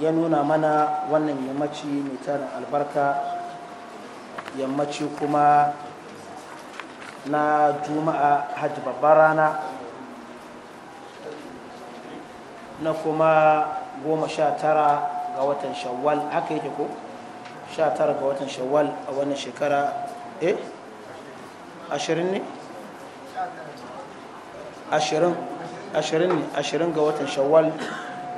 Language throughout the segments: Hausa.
ya nuna mana wannan yammaci mai tarin albarka yammaci kuma na juma'a hajji babbar rana na kuma goma sha tara ga watan shawwal haka yake ko sha tara ga watan shawwal a wannan shekara eh ashirin ne ashirin ashirin ne ashirin ga watan shawwal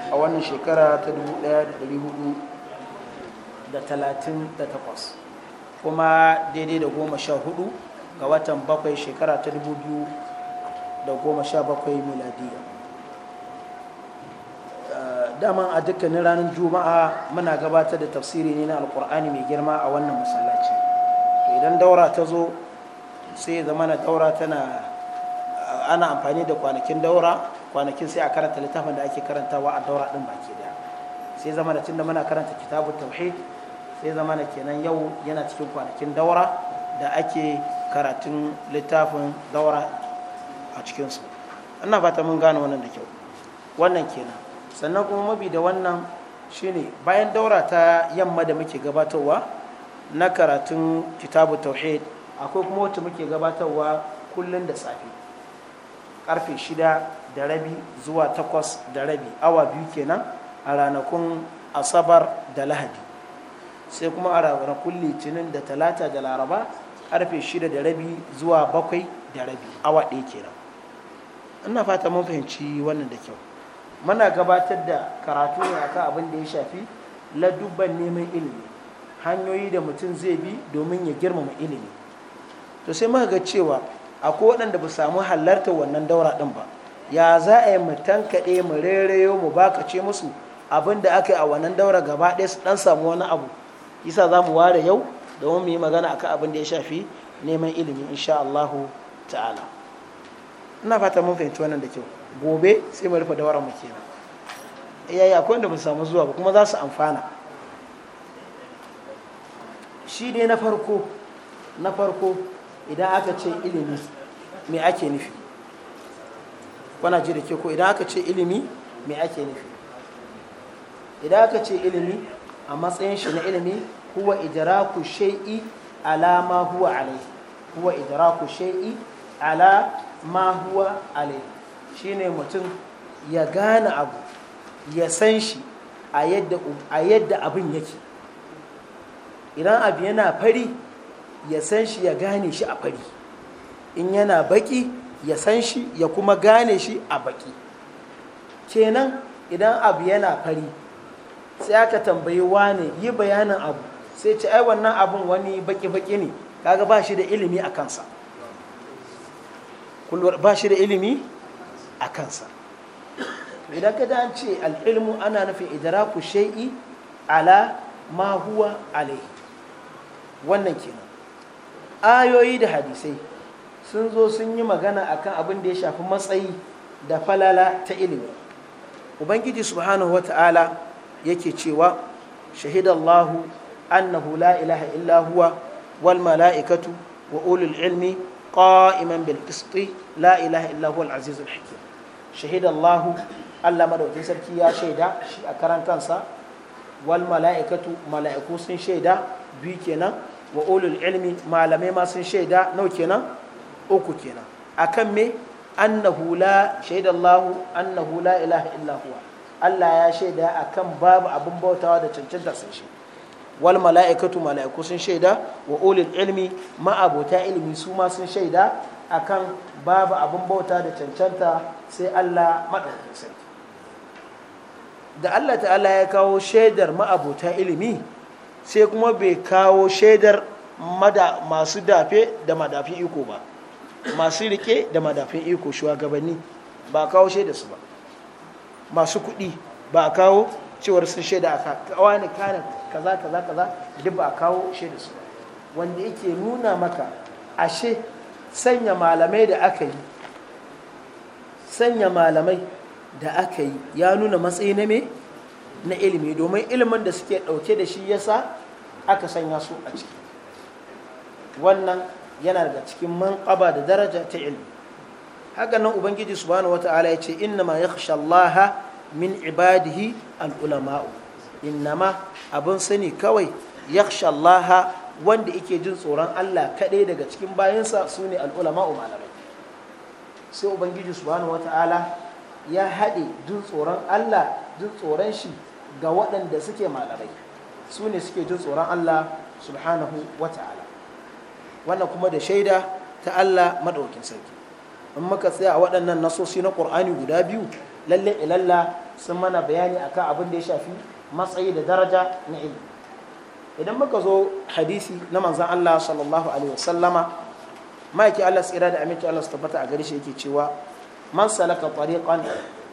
a wannan shekara ta 1438 kuma daidai da goma sha hudu ga watan bakwai shekara ta 2017 miladiyya eh, Dama a dukkanin ranar juma'a muna gabatar da tafsiri ne na alkur'ani mai girma a wannan masallaci idan daura ta zo sai zama na daura tana eh, ana amfani da kwanakin daura kwanakin sai a karanta littafin da ake karantawa a daura din baki daya sai zama da tunda muna karanta kitabun tauhid sai zama na kenan yau yana cikin kwanakin daura da ake karatun littafin daura a cikinsu ina fata mun gane wannan da kyau wannan kenan sannan kuma mabi da wannan shine bayan daura ta yamma da muke gabatarwa na karatun kitabu tauhid akwai kuma wacce muke gabatarwa kullum da safe karfe shida da rabi zuwa takwas da rabi awa biyu kenan a ranakun asabar da lahadi sai kuma a ranakun litinin da talata da laraba karfe shida da rabi zuwa bakwai da rabi awa ɗaya kenan ina fata mun fahimci wannan da kyau muna gabatar da karatu ne akan abin da ya shafi ladubban neman ilimi hanyoyi da mutum zai bi domin ya girmama ilimi to sai muka ga cewa akwai waɗanda ba samu halartar wannan daura ɗin ba ya za a yi mu tankaɗe mu rereyo mu bakace musu abin da aka yi a wannan daura gaba ɗaya su ɗan samu wani abu isa za mu ware yau domin mu yi magana akan abin da ya shafi neman ilimi insha Allah ta'ala ina fata mun fahimci wannan da kyau gobe sai mu rufe daura mu kenan yayi eh, akwai wanda mun samu zuwa ba kuma za su amfana shi dai na farko na farko idan aka ce ilimi me ake nufi wana ji da ke ko idan aka ce ilimi mai ake nufi idan aka ce ilimi a matsayin shi na ilimi huwa idraku shay'i ala ma huwa alai huwa idraku shay'i ala ma huwa alai shine mutum ya gane abu ya san shi a yadda abin yake idan abu yana fari ya san shi ya gane shi a fari in yana baki ya san shi ya kuma gane shi a baki kenan idan abu yana fari sai aka tambayi wane yi bayanin abu sai ce ai wannan abun wani baki-baki ne kaga ba shi da ilimi a kansa ba shi da ilimi a kansa idan ka an ce al'ilmu ana nufin ku shai'i ala ma huwa alaihi wannan kenan ayoyi da hadisai sun zo sun yi magana akan abin da ya shafi matsayi da falala ta ilimi ubangiji subhanahu wata'ala yake cewa shahidallahu annahu la ilaha illa huwa wal mala'ikatu wa ulul ilmi qa'iman bil qisti la ilaha illa huwa al azizul hakim shahidallahu Allah madaukakin sarki ya shaida shi a karantansa wal mala'ikatu mala'iku sun shaida biyu kenan wa ulul ilmi malamai ma sun shaida nau kenan uku kenan akan me annahu la shaida Allah annahu la ilaha illa huwa Allah ya shaida akan babu abin bautawa da cancanta sun shi wal mala'ikatu mala'iku sun shaida wa ulil ilmi ma'abota ilmi su ma sun shaida akan babu abin bauta da cancanta sai Allah madaukakin sarki da Allah ta'ala ya kawo shaidar ma'abota ilimi sai kuma bai kawo shaidar masu dafe da madafi iko ba masu rike da madafin iko shugabanni ba a kawo shaida su ba masu kuɗi ba a kawo cewar sun shaida aka kawa ne kanin kaza kaza kaza duk ba a kawo shaida su ba wanda yake nuna maka ashe sanya malamai da aka yi sanya malamai da aka yi ya nuna matsayi na me na ilimi domin ilimin da suke ɗauke da shi yasa aka sanya su a ciki wannan yana daga cikin manqaba da daraja ta ilmi haka nan ubangiji subhanahu wata'ala ya ce innama yakhsha Allah min ibadihi al-ulama'u innama abun sani kawai yakhsha Allah wanda yake jin tsoron Allah kadai daga cikin bayansa sune al-ulama malamai sai ubangiji subhanahu wata'ala ya haɗe jin tsoron Allah jin tsoron shi ga waɗanda suke malamai sune suke jin tsoron Allah subhanahu wata'ala wannan kuma da shaida ta Allah maɗaukin sarki in muka tsaya a waɗannan nasosi na ƙur'ani guda biyu lalle ilalla sun mana bayani akan abin da ya shafi matsayi da daraja na ilimi idan muka zo hadisi na manzan Allah sallallahu alaihi wasallama ma'aiki Allah tsira da aminci Allah su tabbata a gare shi yake cewa man salaka tariqan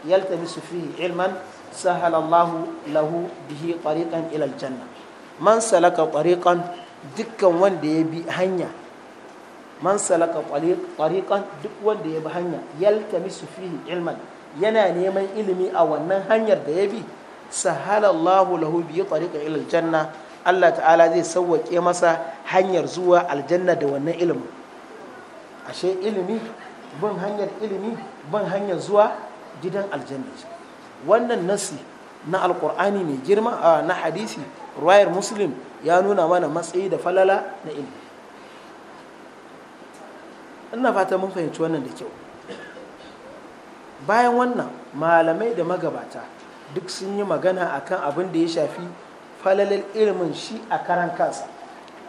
yaltamisu fihi ilman sahala lahu bihi tariqan ila aljanna man salaka tariqan dukkan wanda ya bi hanya man salaka tariqan duk wanda ya bi hanya yaltamisu fihi ilman yana neman ilimi a wannan hanyar da ya bi sahalallahu lahu bi tariqa ila aljanna Allah ta'ala zai sauwake masa hanyar zuwa aljanna da wannan ilimin ashe ilimi bin hanyar ilimi bin hanyar zuwa gidan aljanna wannan nasi na alkur'ani mai girma na hadisi ruwayar muslim ya nuna mana matsayi da falala na ilimi ina fata mun fahimci wannan da kyau bayan wannan malamai da magabata duk sun yi magana akan abin da ya shafi falalar ilimin shi a karan kansa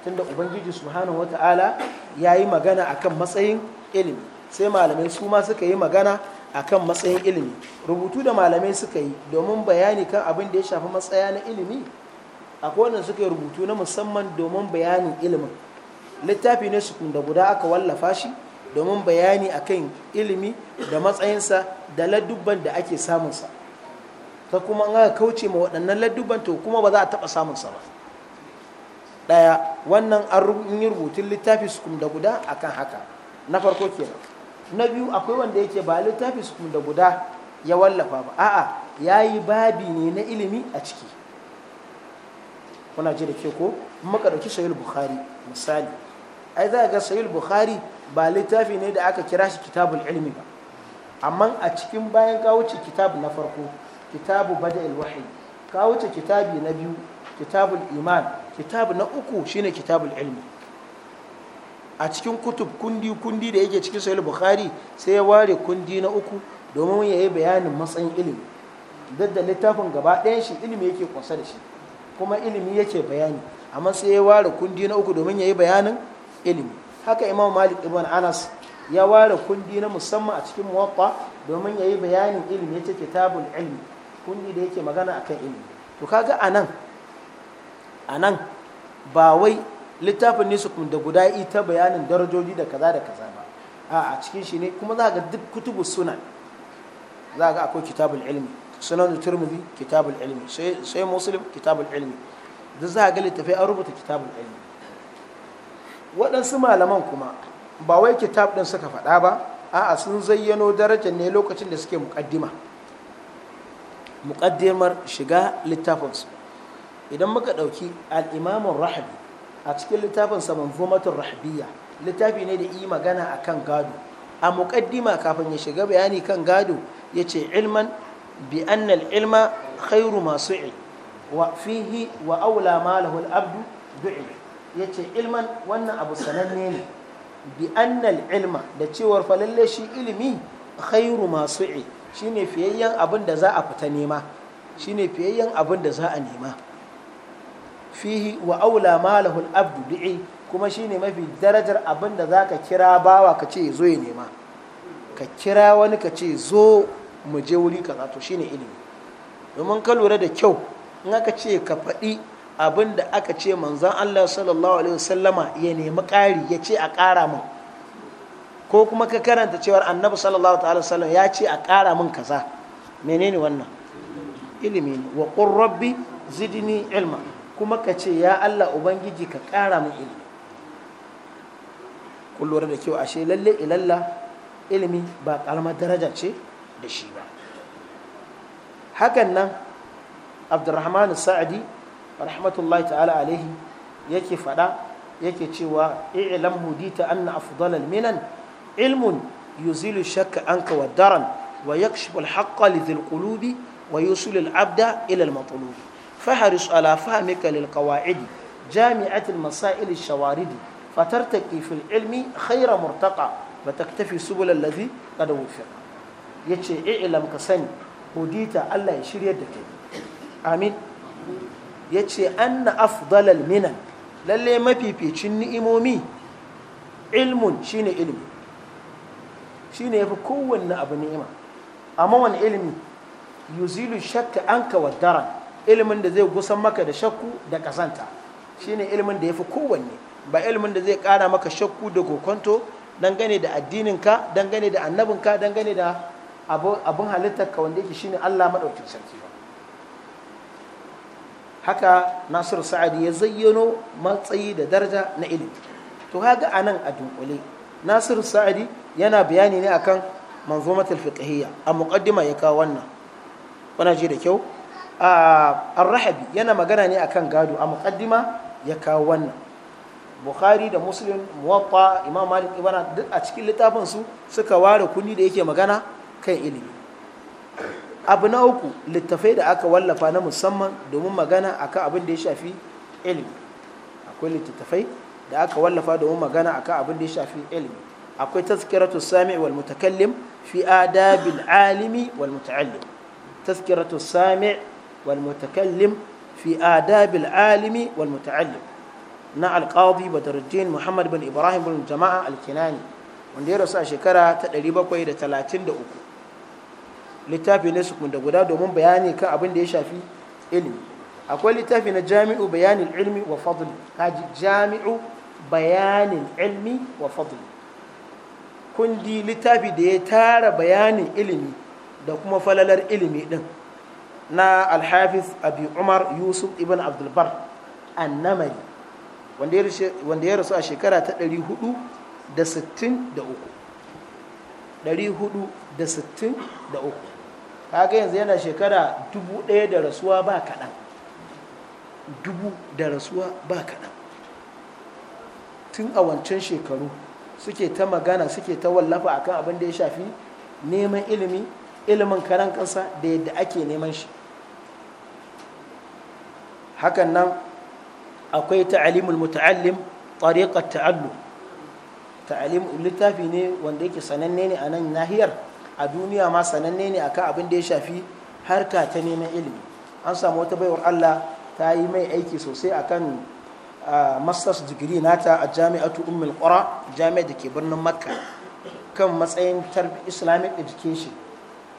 tunda ubangiji subhanahu wata'ala ya yi magana akan matsayin ilimi sai malamai su ma suka yi magana akan matsayin ilimi rubutu da malamai suka yi domin bayani kan abin da ya shafi matsaya na ilimi a kowane suka yi rubutu na musamman domin bayanin ilimin littafi ne su da guda aka wallafa shi domin bayani akan ilimi da matsayinsa da ladubban da ake samunsa ta kuma an aka kauce ma waɗannan ladubban to kuma ba za a taɓa samunsa ba ɗaya wannan an yi rubutun littafi su da guda akan haka na farko kenan na biyu akwai wanda yake ba littafi su da guda ya wallafa ba a'a ya yi babi ne na ilimi a ciki kuna ji da ke ko muka ɗauki sayul bukhari misali ai za ga sayul bukhari ba littafi ne da aka kira shi kitabul ilmi ba amma a cikin bayan ka wuce kitab na farko kitabu bada wahyi ka wuce kitabi na biyu kitabul iman kitab na uku shine kitabul ilmi a cikin kutub kundi kundi da yake cikin sahih bukhari sai ya ware kundi na uku domin ya yi bayanin matsayin ilimi duk da littafin gaba ɗayan shi ilimi yake kwasa da shi kuma ilimi yake bayani amma sai ya ware kundi na uku domin ya yi bayanin ilimi haka imam malik ibn anas ya ware kundi na musamman a cikin muwaffa domin ya yi bayanin ilimi ta tabul ilimi kundi da yake magana akan ilimi to kaga anan anan ba wai littafin nisukum da guda ita bayanin darajoji da kaza da kaza ba a cikin shi ne kuma za ga duk kutubu sunan za ga akwai kitabul ilmi sunan turmudi kitabul ilmi sai muslim kitabul ilmi duk za ga littafai an rubuta kitabul ilmi waɗansu malaman kuma ba wai kitab ɗin suka faɗa ba a'a sun zayyano darajar ne lokacin da suke muƙaddima muƙaddimar shiga littafinsu idan muka ɗauki al'imamun rahabi a cikin littafin sa manzumatul littafi ne da yi magana akan gado a muƙaddima kafin ya shiga bayani kan gado yace ilman bi ilma khairu ma su'i wa fihi wa aula ma lahu abdu du'i ce ilman wannan abu sananne ne bi ilma da cewar falalle shi ilimi khairu ma su'i shine fiyayyen abin da za a fita nema shine fiyayyen abin da za a nema fihi wa aula malahul abdu bi'i kuma shine mafi darajar abin da zaka kira bawa ka ce zo ya nema ka kira wani ka ce zo mu je wuri kaza to shine ilimi domin ka lura da kyau in aka ce ka faɗi abin da aka ce manzon Allah sallallahu alaihi wasallama ya nemi ƙari ya ce a ƙara min ko kuma ka karanta cewar annabi sallallahu alaihi wasallam ya ce a ƙara min kaza menene wannan ilimi ne wa rabbi zidni ilma kuma ka ce ya Allah ubangiji ka ƙara min ilimi kun lura da kyau ashe lalle ilalla ilimi ba ƙaramar daraja ce da shi ba hakan nan abdurrahman sa'adi rahmatullahi ta'ala alaihi yake faɗa yake cewa i'lam hudita anna afdalal minan ilmun yuzilu shakka anka wa daran wa yakshifu al-haqqa lidhil qulubi wa yusilu al-abda ila al-matlubi فحرص على فهمك للقواعد جامعة المسائل الشوارد فترتقي في العلم خير مرتقى وتكتفي سبل الذي قد وفق يتشي اعلم كسن هديت الله يشير يدك آمين يتشي أن أفضل المنن للي ما في في شن إمومي علم شين علم شين يفكون أبو نعمة أما وان علمي يزيل الشك عنك والدرن ilimin da zai gusan maka da shakku da kasanta shine ilimin da ya fi kowanne ba ilimin da zai kara maka shakku da kokonto dangane da addininka dangane da annabinka dangane da abin halittarka wanda yake shine Allah maɗaukin sarki ba haka nasiru sa'adi ya zayyano matsayi da daraja na ilimi to haga a nan a dunkule nasiru sa'adi yana bayani ne akan manzomatul fiqhiyya a muqaddima ya kawo wannan kuna ji da kyau ar-rahabi yana magana ne akan gado a muqaddima ya kawo wannan bukhari da muslim muwatta imam malik ibana a cikin littafin su suka ware kuni da yake magana kan ilimi abu na uku littafai da aka wallafa na musamman domin magana akan abin da ya shafi ilimi akwai littattafai da aka wallafa domin magana akan abin da ya shafi ilimi akwai tazkiratu sami wal mutakallim fi adabil alimi wal muta'allim tazkiratu sami' والمتكلم في آداب العالم والمتعلم نا القاضي بدر الدين محمد بن إبراهيم بن الجماعة الكناني wanda ya rasu a shekara ta 733 littafi ne su kunda guda domin bayani kan abin da ya shafi ilimi akwai littafi na jami'u bayanin ilmi wa fadli kaji jami'u bayanin ilmi wa fadli kundi littafi da ya tara bayanin ilimi da kuma falalar ilimi din na alhafiz abi umar yusuf ibn abdulbar annamari wanda ya rasu a shekara ta 463 kaga yanzu yana shekara dubu ɗaya da rasuwa ba kaɗan dubu da rasuwa ba kaɗan tun a wancan shekaru suke ta magana suke ta wallafa akan abin da ya shafi neman ilimi ilimin karan kansa da yadda ake neman shi hakan nan akwai ta'alimul muta'allim tariqat ta'allum ta'alim littafi ne wanda yake sananne ne a nan nahiyar a duniya ma sananne ne akan abin da ya shafi harka ta neman ilimi an samu wata baiwar Allah ta yi mai aiki sosai akan masters degree nata a jami'atu ummul qura jami'a da ke birnin makka kan matsayin islamic education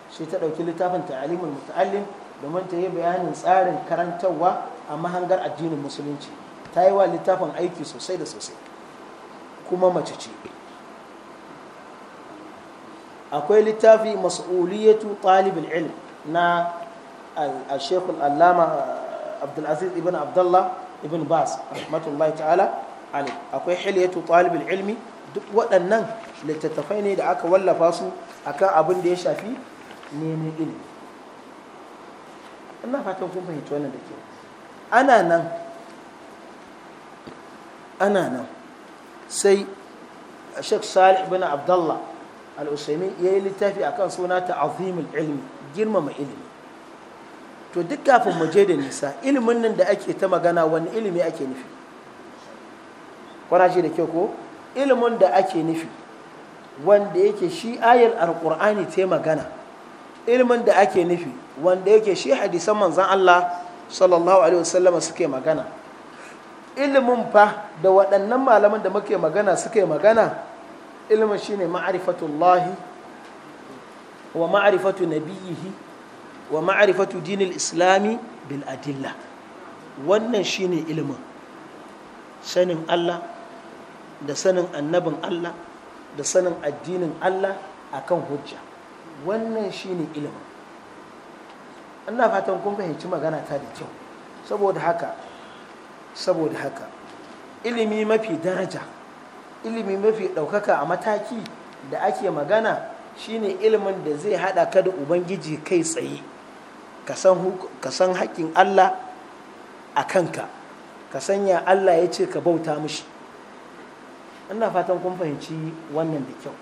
shi ta dauki littafin ta'alimul muta'allim domin ta yi bayanin tsarin karantarwa a mahangar addinin musulunci ta yi wa littafin aiki sosai da sosai kuma mace ce akwai littafi mas'uliyatu talibin ilm na al-shekul allama abdulaziz ibn abdullah ibn bas rahmatullahi ta'ala Ali. akwai hiliyatu talibin ilmi duk waɗannan littattafai ne da aka wallafa su akan abin da ya shafi neman ilmi ina fatan kun fahimci wannan da ke ana nan ana nan sai shek salih bin abdullah al-usaimi ya yi littafi a kan suna ta azimul ilmi girmama ilimi to duk kafin mu je da nisa ilimin nan da ake ta magana wani ilimi ake nufi kwanashi da kyau ko ilimin da ake nufi wanda yake shi ayar alkur'ani ta magana ilimin da ake nufi wanda yake shi hadisan manzan Allah sallallahu alaihi wasallama suke magana ilimin fa da waɗannan malaman da muke magana suke magana ilimin shine ma'rifatullahi wa ma'rifatu nabiyhi wa ma'rifatu dinil islami bil adilla wannan shine ilimin sanin Allah da sanin annabin Allah da sanin addinin Allah akan hujja wannan shine ilimin ina fatan kun fahimci magana ta da kyau saboda haka saboda haka ilimi mafi daraja ilimi mafi ɗaukaka a mataki da ake magana shine ilimin da zai haɗa ka da ubangiji kai tsaye ka san haƙƙin allah a kanka ka sanya allah ya ce ka bauta an ina fatan kun fahimci wannan da kyau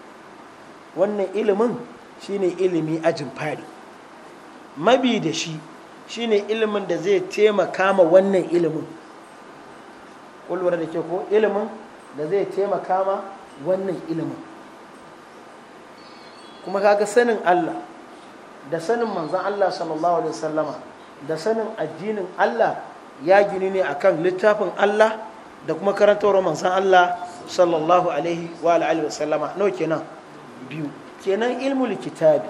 wannan ilimin shine ilimi ajin fari mabi da shi shine ilimin da zai taimaka ma wannan ilimin ƙulwar da ke ko ilimin da zai taimaka ma wannan ilimin kuma kaga sanin Allah da sanin manzan Allah sallallahu alaihi wasallama da sanin addinin Allah ya gini ne akan littafin Allah da kuma karantawar manzan Allah sallallahu alaihi wa alihi wasallama nawa kenan biyu kenan ilmul kitabi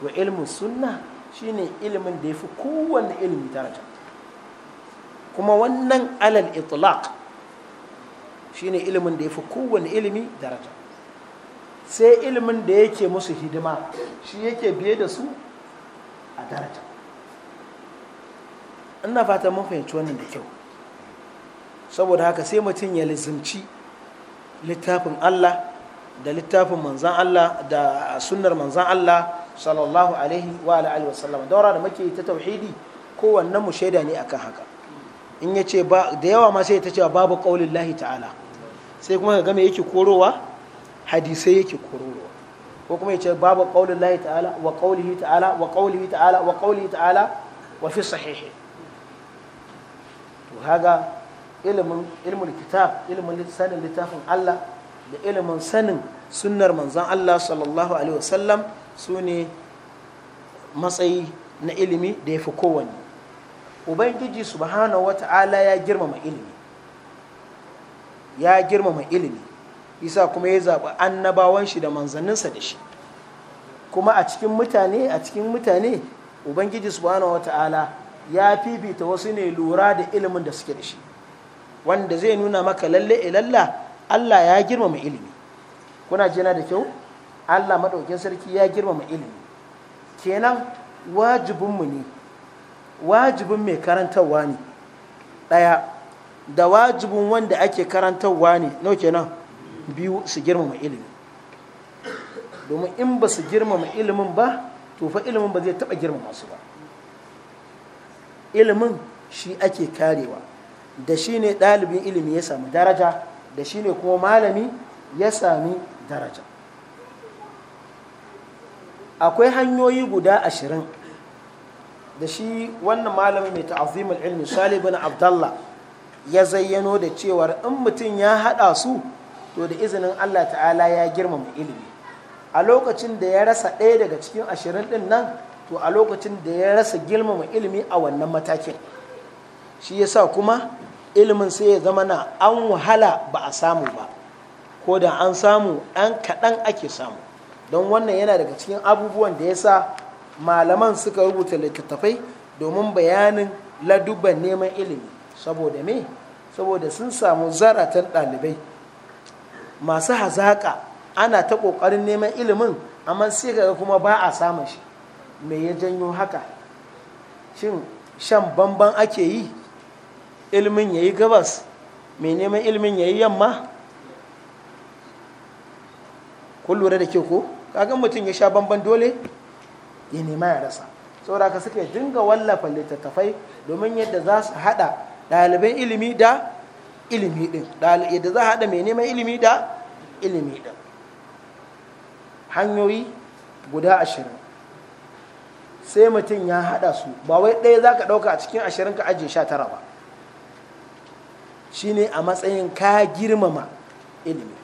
wa ilmul sunna shine ilimin da ya fi kowanne ilimi daraja kuma wannan alal itlaq shine ilimin da ya fi kowanne ilimi daraja sai ilimin da yake musu hidima shi yake biye da su a daraja ina fata mun fahimci wannan da kyau saboda haka sai mutum ya lizimci littafin Allah da littafin manzan Allah da sunnar manzan Allah sallallahu alaihi wa alihi wa sallam daura da muke ta tauhidi kowanne mu shaida ne akan haka in yace ba da yawa ma sai ta cewa babu qaulin lahi ta'ala sai kuma ka ga yake korowa hadisai yake korowa ko kuma yace babu qaulin lahi ta'ala wa qaulihi ta'ala wa qaulihi ta'ala wa qaulihi ta'ala wa fi sahihi to haga ilimin ilmul kitab ilimin sanin littafin Allah da ilimin sanin sunnar manzon Allah sallallahu alaihi wasallam su ne matsayi na ilimi da ya fi kowanne ubangiji subhanahu wata'ala ya girmama ilimi ya girmama ilimi isa kuma ya zaɓi annabawan shi da manzanninsa da shi kuma a cikin mutane a cikin mutane ubangiji subhanahu wata'ala ya fifita wasu ne lura da ilimin da suke da shi wanda zai nuna maka lalle ilalla Allah ya girmama ilimi kuna jina da kyau Allah maɗaukin sarki ya girmama ilimi kenan wajibinmu ne wajibin mai karantarwa ne ɗaya da wajibin wanda ake karantarwa ne nau kenan biyu su girmama ilimi domin in ba su girmama ilimin ba to fa ilimin ba zai taɓa girmama su ba ilimin shi ake karewa da shi ne ɗalibin ilimi ya sami daraja da shi ne kuma malami ya sami daraja akwai hanyoyi guda ashirin da shi wannan malamin mai ta'azimul ilmi salih bin abdallah ya zayyano da cewar in mutum ya haɗa su to da izinin allah ta'ala ya girmama ilimi a lokacin da ya rasa ɗaya daga cikin ashirin din nan to a lokacin da ya rasa girmama ilimi a wannan matakin shi ya sa kuma ilimin sai ya zama na an wahala ba a samu ba ko da an samu ɗan kaɗan ake samu don wannan yana daga cikin abubuwan da ya sa malaman suka rubuta littattafai domin bayanin ladubban neman ilimi saboda me saboda sun samu zaratan ɗalibai masu hazaƙa ana ta ƙoƙarin neman ilimin amma sai ga kuma ba a samun shi me ya janyo haka shin shan bamban ake yi ilimin ya yi gabas mai neman ilimin ya yi yamma ko lura da ke ko? kagan mutum ya sha bamban dole ya nema ya rasa saboda ka suka dinga wallafa littattafai domin yadda za su haɗa ɗaliban ilimi da ilimi ɗin yadda za a haɗa mai neman ilimi da ilimi ɗin hanyoyi guda ashirin sai mutum ya haɗa su ba wai ɗaya za ka ɗauka a cikin ashirin ka ajiye sha tara ba shi ne a matsayin ka girmama ilimi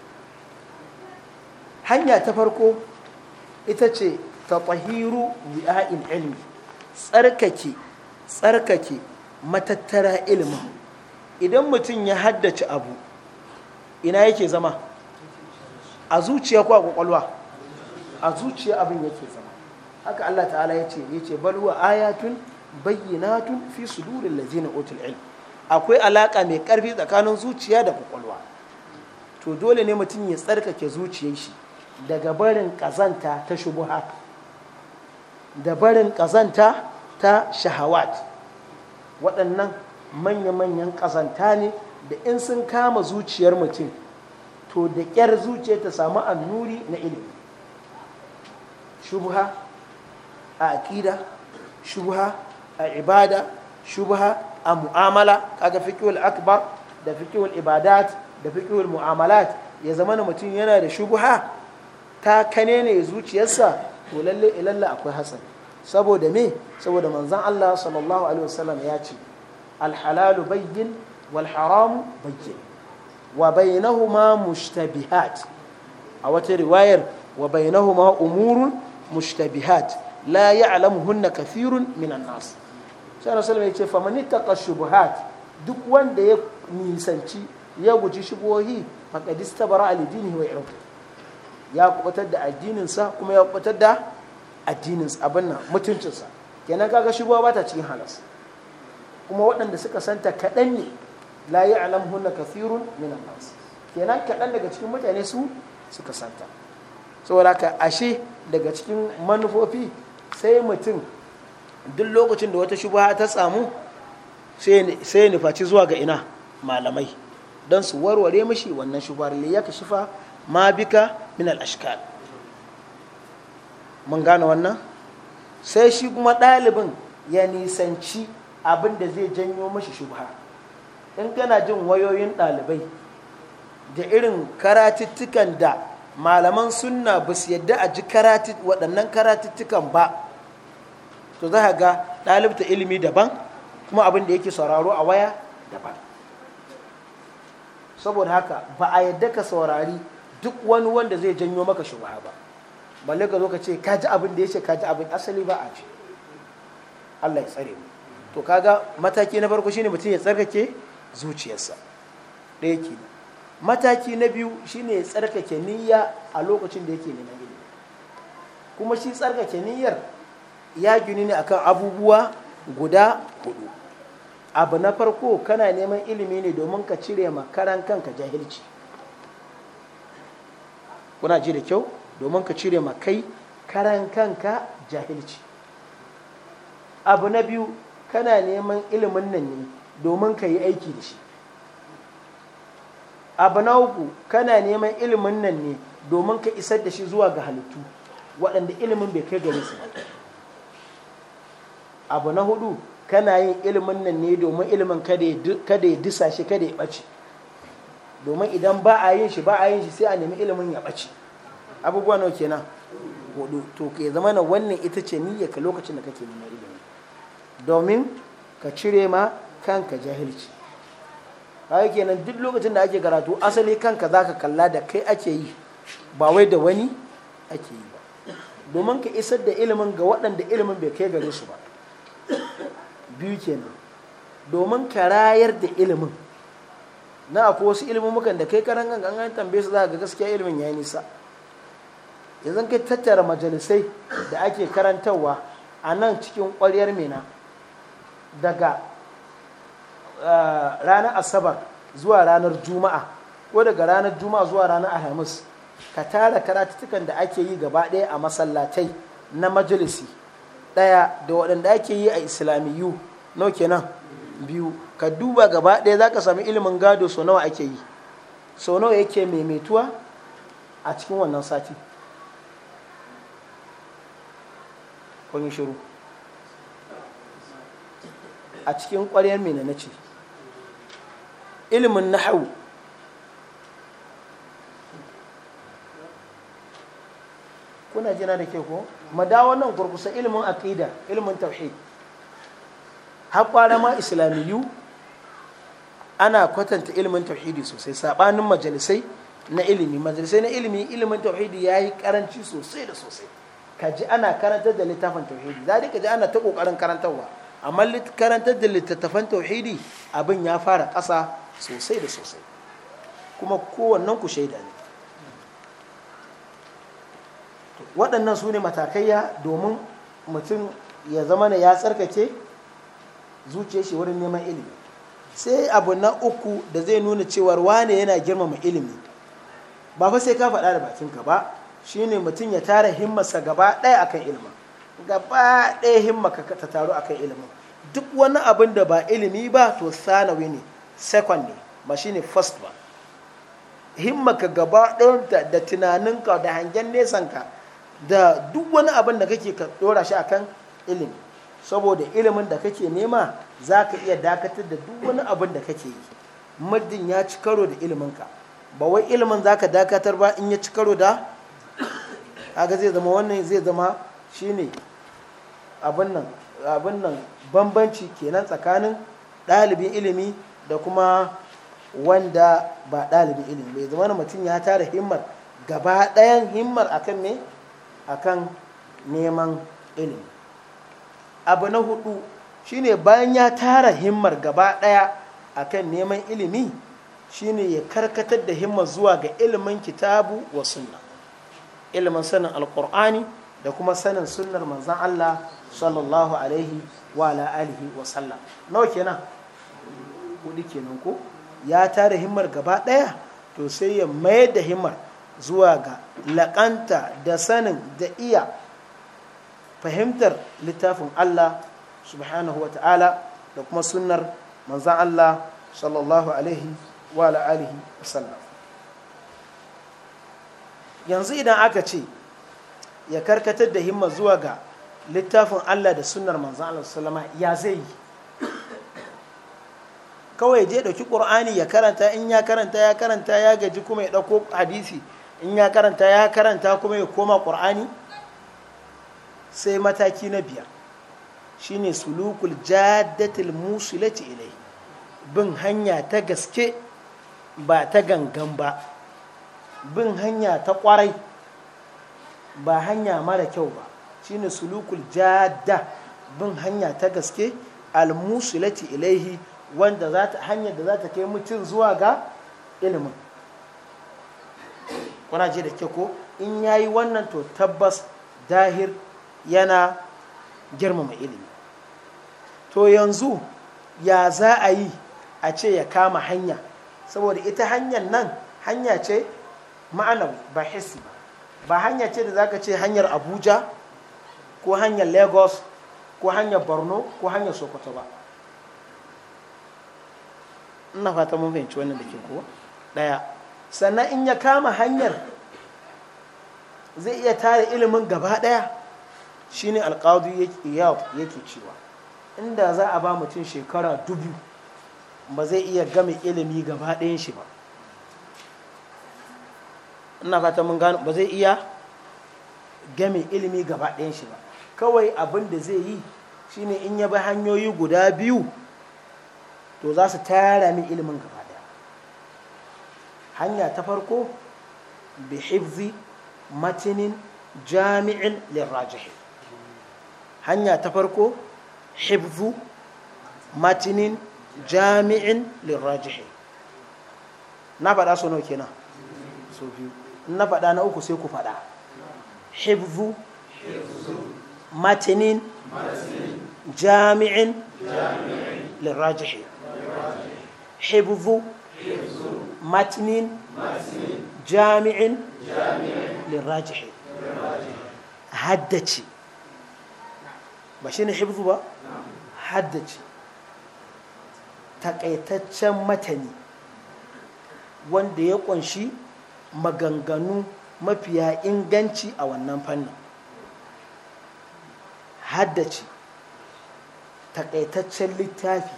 hanya ta farko ita ce ta tahiru wi'a'in ilmi tsarkake tsarkake matattara ilimin idan mutum ya haddace abu ina yake zama a zuciya ko a kwakwalwa a zuciya abin yake zama haka Allah ta'ala ya ce ya ce balwa ayatun bayyanatun fi sudurin lazina otul ilm akwai alaka mai karfi tsakanin zuciya da kwakwalwa to dole ne mutum ya tsarkake zuciyar shi daga barin ƙazanta ta shubuha da barin ƙazanta ta shahawat waɗannan manya-manyan ƙazanta ne da in sun kama zuciyar mutum to da ƙyar zuciya ta samu annuri na ilimi Shubuha a aƙida shubuha a ibada shubuha a mu'amala kaga fikiyar akbar da fikiyar ibadat da fikiyar mu'amalat ya zama na mutum yana da shubuha. ta ne zuciyarsa to lalle ilalla eh, akwai hatsari saboda me saboda manzon Allah sallallahu alaihi wasallam ya ce alhalalu bayyin wal haramu bayyin wa bainahuma mushtabihat a wata riwayar wa bainahuma umurun mushtabihat la ya'lamuhunna kathirun minan nas sai ya ce faman ittaqa shubuhat duk wanda ya nisanci ya guji shubuhi faqad istabara al wa ya kubatar da addininsa kuma ya kubatar da addininsa abin nan mutuncinsa kenan kaga shubuwa ba ta cikin halas kuma waɗanda suka santa kaɗan ne la yi na kafirun minan nas kenan kaɗan daga cikin mutane su suka santa saboda haka ashe daga cikin manufofi sai mutum duk lokacin da wata shubha ta samu sai ya nufaci zuwa ga ina malamai don su warware mishi wannan shubhar li ya shifa ma bika min al-ashkal mun gane wannan sai shi kuma ɗalibin ya nisanci abin da zai janyo mashi shubha in kana jin wayoyin ɗalibai da irin karatuttukan da malaman sunna ba su yadda a ji waɗannan karatuttukan ba to za ga ɗalibta ilimi daban kuma abin da yake sauraro a waya daban saboda haka ba a yadda ka saurari duk wani wanda zai janyo maka shubha ba balle ka zo ka ce ka ji abin da ya ce ka ji abin asali ba a ce Allah ya tsare mu to kaga mataki na farko shine mutum ya tsarkake zuciyarsa ɗaya mataki na biyu shine ya tsarkake niyya a lokacin da yake neman ilimi kuma shi tsarkake niyyar ya gini ne akan abubuwa guda hudu abu na farko kana neman ilimi ne domin ka cire makaran kanka jahilci kuna ji da kyau domin ka cire ma kai karan kanka jahilci abu na biyu kana neman ilimin nan ne domin ka yi aiki da shi abu na uku kana neman ilimin nan ne domin ka isar da shi zuwa ga halittu waɗanda ilimin bai kai gare su abu na hudu kana yin ilimin nan ne domin ilimin kada ya disa shi kada ya ɓace domin idan ba a yin shi ba a yin shi sai a nemi ilimin ya ɓace abubuwa nawa kenan hudu to ke zama na wannan ita ce niyya ka lokacin da kake neman ilimi domin ka cire ma kanka jahilci haka kenan duk lokacin da ake karatu asali kanka zaka kalla da kai ake yi ba wai da wani ake yi ba domin ka isar da ilimin ga waɗanda ilimin bai kai gare su ba biyu kenan domin ka rayar da ilimin na akwai wasu muka da kai karan gangan an tambaye su za ga gaskiya ilimin ya nisa yanzu kai tattara majalisai da ake karantarwa a nan cikin kwaryar minna daga eh, ranar asabar zuwa ranar juma'a ko daga ranar juma'a zuwa ranar alhamis ka tara karatutukan da ake yi gaba ɗaya a masallatai na majalisi ɗaya da waɗanda ake yi a islamiyu nau kenan biyu ka duba gaba ɗaya za ka sami ilimin gado sau nawa ake yi sau nawa yake maimaituwa a cikin wannan sati kun shiru a cikin ƙwaryar mai na ce ilimin nahawu kuna jina da ke ko madawa nan kurkusa ilimin aqida ilimin tauhid haƙwara ma islamiyu ana kwatanta ilimin tauhidi sosai saɓanin majalisai na ilimi majalisai na ilimi ilimin tauhidi ya yi karanci sosai da sosai ka ji ana karantar da littafin tauhidi za ka ji ana ta ƙoƙarin karantarwa amma karantar da littattafan tauhidi abin ya fara ƙasa sosai da sosai kuma kowannen ku shaida ne waɗannan su ne matakaiya domin mutum ya zama ya tsarkake zuciya shi wurin neman ilimi sai abu na uku da zai nuna cewar wane yana girmama ilimi ba fa sai ka faɗa da bakinka ba shine mutum ya tara himmarsa gaba ɗaya akan ilimin gaba ɗaya himma ka ta taru akan ilimin duk wani abin da ba ilimi ba to sanawi ne second ne ba shine first ba himma gaba ɗaya da tunaninka da hangen nesanka da duk wani abin da kake ka ɗora shi akan ilimi saboda ilimin da kake nema za ka iya dakatar da duk wani abin da kake yi muddin ya ci karo da iliminka ba wai ilimin za ka dakatar ba in ya ci karo da aga zai zama wannan zai zama shine ne abin nan bambanci kenan tsakanin ɗalibin ilimi da kuma wanda ba ɗalibin ilimi bai zama mutum ya tara himmar gaba ɗayan himmar akan ne akan neman ilimi abu na hudu shine bayan ya tara himmar gaba daya akan neman ilimi shine ya karkatar da himmar zuwa ga ilimin kitabu wa sunna ilimin sanin alkur'ani da kuma sanin sunnar manzan Allah sallallahu alaihi wa alihi wa sallam nawa kenan hudu kenan ko ya tara himmar gaba daya to sai ya mayar da himmar zuwa ga laƙanta da sanin da iya fahimtar littafin Allah subhanahu wa ta'ala da kuma sunnar manzan Allah sallallahu alaihi wa alihi wasallam yanzu idan aka ce ya karkatar da himma zuwa ga littafin Allah da sunar manzan Allah sallama ya zai yi kawai je ɗauki ƙur'ani ya karanta in ya karanta ya karanta ya gaji kuma ya ɗauko hadisi in ya karanta ya karanta kuma ya koma ƙur'ani sai mataki na biyar shine sulukul jaddatil musulati ilai bin hanya ta gaske ba ta gangan ba bin hanya ta kwarai ba hanya mara kyau ba shine sulukul jadda bin hanya ta gaske almusulati ilaihi wanda hanyar da za ta kai mutum zuwa ga ilimin kuna ji da ke ko in yayi wannan to tabbas dahir yana girmama ilimi to yanzu ya za a yi a ce ya kama hanya saboda ita hanyar nan hanya ce ma'anawi ba hisi ba hanya ce da zaka ce hanyar abuja ko hanyar lagos ko hanyar borno ko hanyar sokoto ba ina fata mun fahimci wannan da ke kuwa ɗaya sannan in ya kama hanyar zai iya tare ilimin gaba daya. shine alƙadu yake cewa inda za a ba mutum shekara dubu ba zai iya game ilimi gaba ɗayan shi ba ina fata mun gano ba zai iya game ilimi gaba ɗayan shi ba kawai abin da zai yi shine in ya bi hanyoyi guda biyu to za su tara min ilimin gaba ɗaya hanya ta farko bihifzi matinin jami'in lirrajihin hanya ta farko hibzu matinin jami'in lirrajihi na faɗa so nawa kenan so biyu na faɗa na uku sai ku faɗa hibzu matinin jami'in lirrajihi hibzu matinin jami'in lirrajihi haddace ba ne hifzu ba haddace takaitaccen matani wanda ya kunshi maganganu mafiya inganci a wannan fannin haddace takaitaccen littafi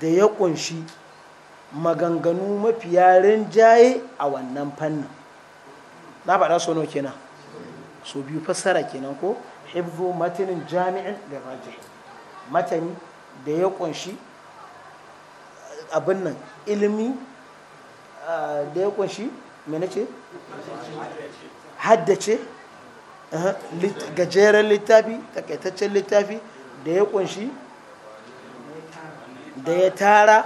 da ya kunshi maganganu mafiya rinjaye a wannan fannin na faɗa sono kenan so biyu fassara kenan ko hifzu matanin jami'in da raji matani da ya kunshi eh, abin nan ilimi eh, da ya kunshi mene ce? haddace eh, gajeren littafi takaitaccen littafi da ya kunshi da ya tara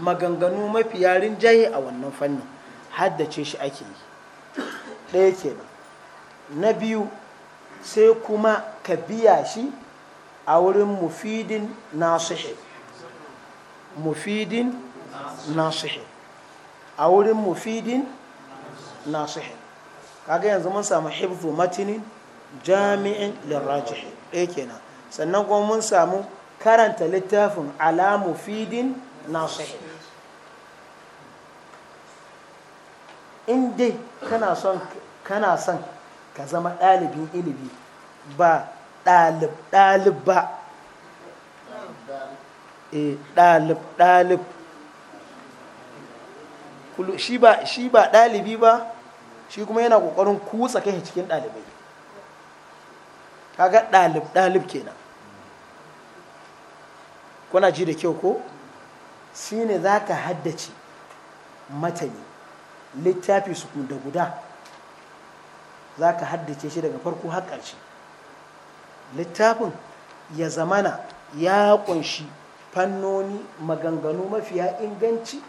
maganganu mafi yarin jahi a wannan fannin haddace shi ake yi ɗaya ke na biyu sai kuma ka biya shi a wurin mufidin nasihi mufidin nasihi a wurin mufidin nasihi kaga yanzu mun samu hifzu matinin jami'in lirrajihi ɗaya eh kenan sannan kuma mun samu karanta littafin ala mufidin nasihi in dai kana son ka zama ɗalibin ilimi ba ɗalib ɗalib ba e ɗalib ɗalib shi ba shi ba ɗalibi ba shi kuma yana ƙoƙarin kutsa kai cikin ɗalibai kaga ɗalib ɗalib kenan kuna ji da kyau ko shi ne za ka haddace matani littafi su da guda za ka haddace shi daga farko har ƙarshe littafin ya zamana ya ƙunshi fannoni maganganu mafiya inganci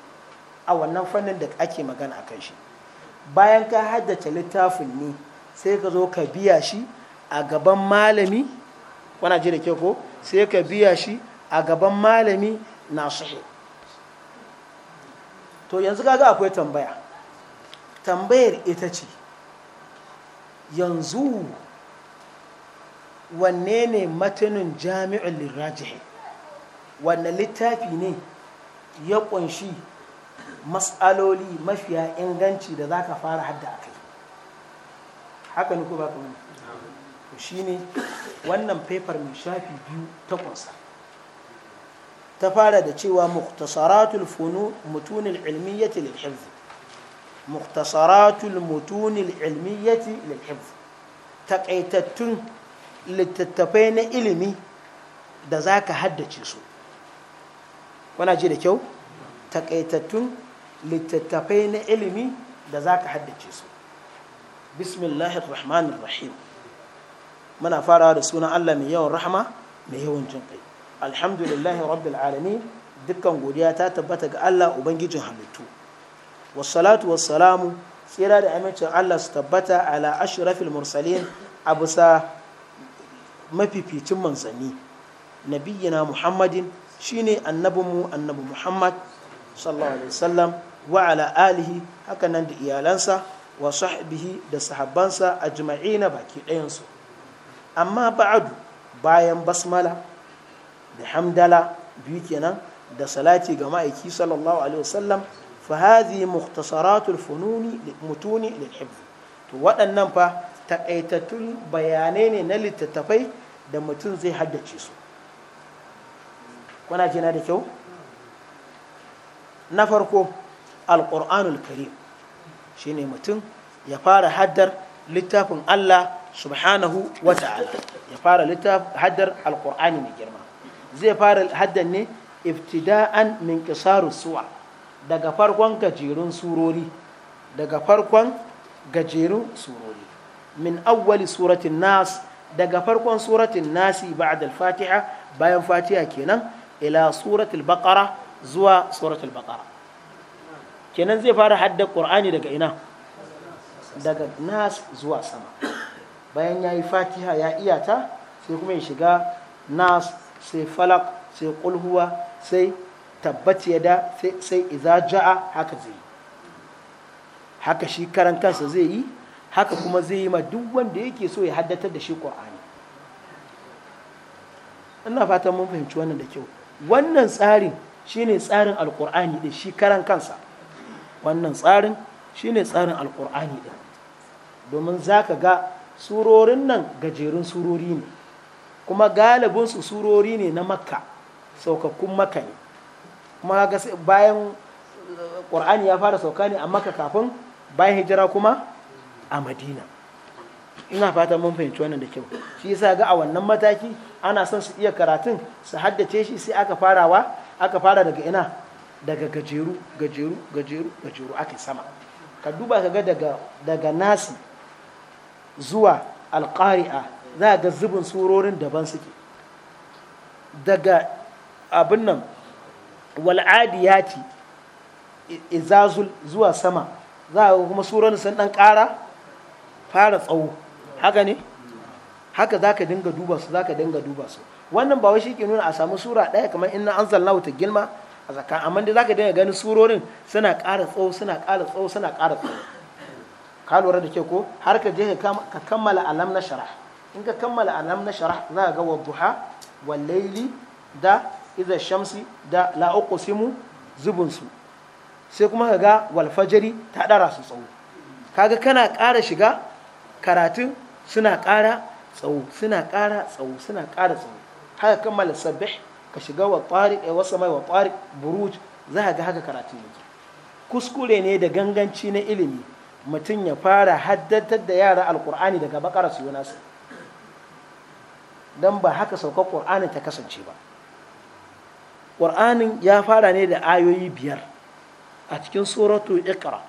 a wannan fannin da ake magana a kan shi bayan ka haddace littafin ne sai ka zo ka biya shi a gaban malami wana ji da ke ko sai ka biya shi a gaban malami na suhe to yanzu kaga akwai tambaya tambayar ita ce yanzu wanne ne matanin jami'in lirajihi wanne littafi ne ya ƙunshi matsaloli mafiya inganci da za ka fara hadda a kai haka ni ko ba ka shi ne wannan paper mai shafi biyu takwas? ta fara da cewa muktasaratul funu mutunin ilmiyyati lil hifz muktasaratul mutunil ilmiyyati lil hifz takaitattun littattafai na ilimi da zaka haddace su kuna ji da kyau takaitattun litattafai na ilimi da zaka haddace su bismillahir rahmanir muna farawa da sunan Allah mai yawan rahama mai yawan jin alhamdulillahi rabbil alamin dukkan godiya ta tabbata ga Allah ubangijin halittu wassalatu wassalamu tsira da amincin Allah su tabbata ala ashrafil mursalin a bisa mafificin manzanni nabiyyina muhammadin shine annabinmu annabi muhammad sallallahu alaihi wasallam wa ala alihi hakanan da iyalansa wa sahbihi da sahabbansa na baki ɗayansu amma ba'adu bayan basmala da hamdala biyu kenan da salati ga ma'aiki sallallahu alaihi wasallam فهذه مختصرات الفنون متون للحفظ to waɗannan fa taƙaitattun bayanai ne na littattafai da mutum zai haddace su kuna jina da kyau na farko alƙur'anul karim shine mutum ya fara haddar littafin allah subhanahu wa ta'ala ya fara haddar alƙur'ani mai girma zai fara haddar ne ibtida'an min ƙisarun suwa daga farkon gajerun surori daga farkon gajerun surori min awwali suratin nas daga farkon suratin nasi ba'da al-fatiha bayan fatiha kenan ila suratul baqara zuwa suratul baqara kenan zai fara hadda qur'ani daga ina daga nas zuwa sama bayan yayi fatiha ya iyata sai kuma ya shiga nas sai falak sai kulhuwa sai ya da sai iza jaa haka zai haka shi karan kansa zai yi haka kuma zai yi ma duk wanda yake so ya haddatar da shi ƙwa'ani ina fatan mun fahimci wannan da kyau wannan tsarin shi ne tsarin alƙur'ani da shi karan kansa wannan tsarin shi ne tsarin alƙur'ani ɗin domin za ka ga surorin nan gajerun surori ne kuma galibinsu surori ne na makka saukakkun makka ne kuma bayan ƙur'ani eh, ya fara sauka ne a maka kafin bayan hijira kuma a madina ina fata mun fahimci wannan da kyau shi yasa ga a wannan mataki ana son su iya karatun su haddace shi sai aka farawa aka fara daga ina daga gajeru gajeru gajeru gajeru aka sama ka duba ka ga daga daga nasi zuwa alƙari'a za ga zubin surorin daban suke daga abin nan wal'adiyati izazul zuwa sama za a kuma surorin sun dan ƙara fara tsawo haka ne haka za ka dinga duba su za ka dinga duba su wannan ba wai shi ke nuna a samu sura ɗaya kamar in an zalla wata gilma a tsakan amma dai za ka dinga ganin surorin suna ƙara tsawo suna ƙara tsawo suna ƙara tsawo ka lura da ke ko har ka je ka kammala alam na sharah in ka kammala alam na sharah za ka ga wa duha wa laili da iza shamsi da la uqsimu zubun sai kuma kaga wal fajri ta dara su tsawo kaga kana ƙara shiga karatun suna ƙara tsawo suna ƙara tsawo suna ƙara tsawo haka kammala sabbih ka shiga wa tariq eh, wa samai wa tariq buruj za ga haka karatun yake kuskure ne da ganganci na ilimi mutum ya fara haddatar da yara alkur'ani daga bakara su yi nasu don ba haka saukar ƙur'ani ta kasance ba ƙur'anin ya fara ne da ayoyi biyar a cikin suratu iqra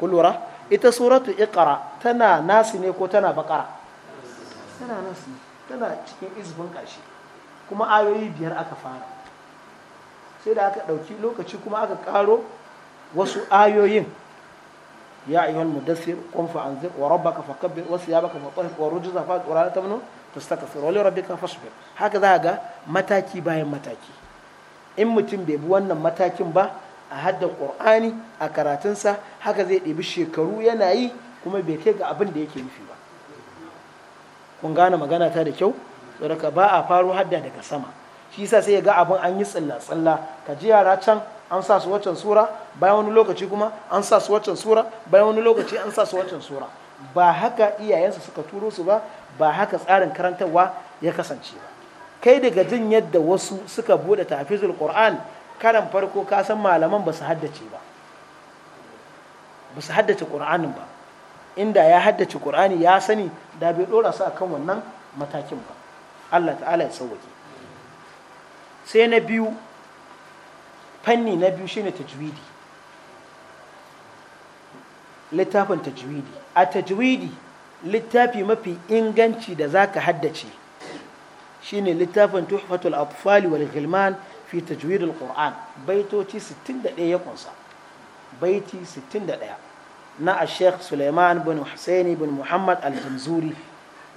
ku lura ita suratu iqra tana nasi ne ko tana bakara tana nasi tana cikin izbin ƙarshe kuma ayoyi biyar aka fara sai da aka ɗauki lokaci kuma aka ƙaro wasu ayoyin ya ayyuhal mudassir qum fa anzir wa rabbaka fakabbir wasiyabaka fatahir wa rujza fa qur'ana tamnu tastakthir wa li rabbika fasbir haka za a ga mataki bayan mataki in mutum bai bi wannan matakin ba a haddan qur'ani a karatunsa haka zai ɗebi shekaru yana yi kuma bai kai ga abin da yake nufi ba kun gane magana ta da kyau saboda ba a faro hadda daga sama shi sa sai ya ga abin an yi tsalla tsalla ka ji yara can an sa su waccan sura bayan wani lokaci kuma an sa su waccan sura bayan wani lokaci an sa su waccan sura ba haka iyayensa suka turo su ba ba haka tsarin karantarwa ya kasance ba kai daga jin yadda wasu suka bude tafizul qur'an karan farko ka san malaman ba su haddace ba ba su haddace qur'anin ba inda ya haddace qur'ani ya sani da bai dora su akan wannan matakin ba Allah ta'ala ya sauwake sai na biyu fanni na biyu shine tajwidi littafin tajwidi a tajwidi littafi mafi inganci da za ka haddace shine littafin tuhfatul atfali wal hilman fi tajwidul qur'an baitoci 61 ya kunsa baiti 61 na a sheikh suleiman bin husaini bin muhammad al-jamzuri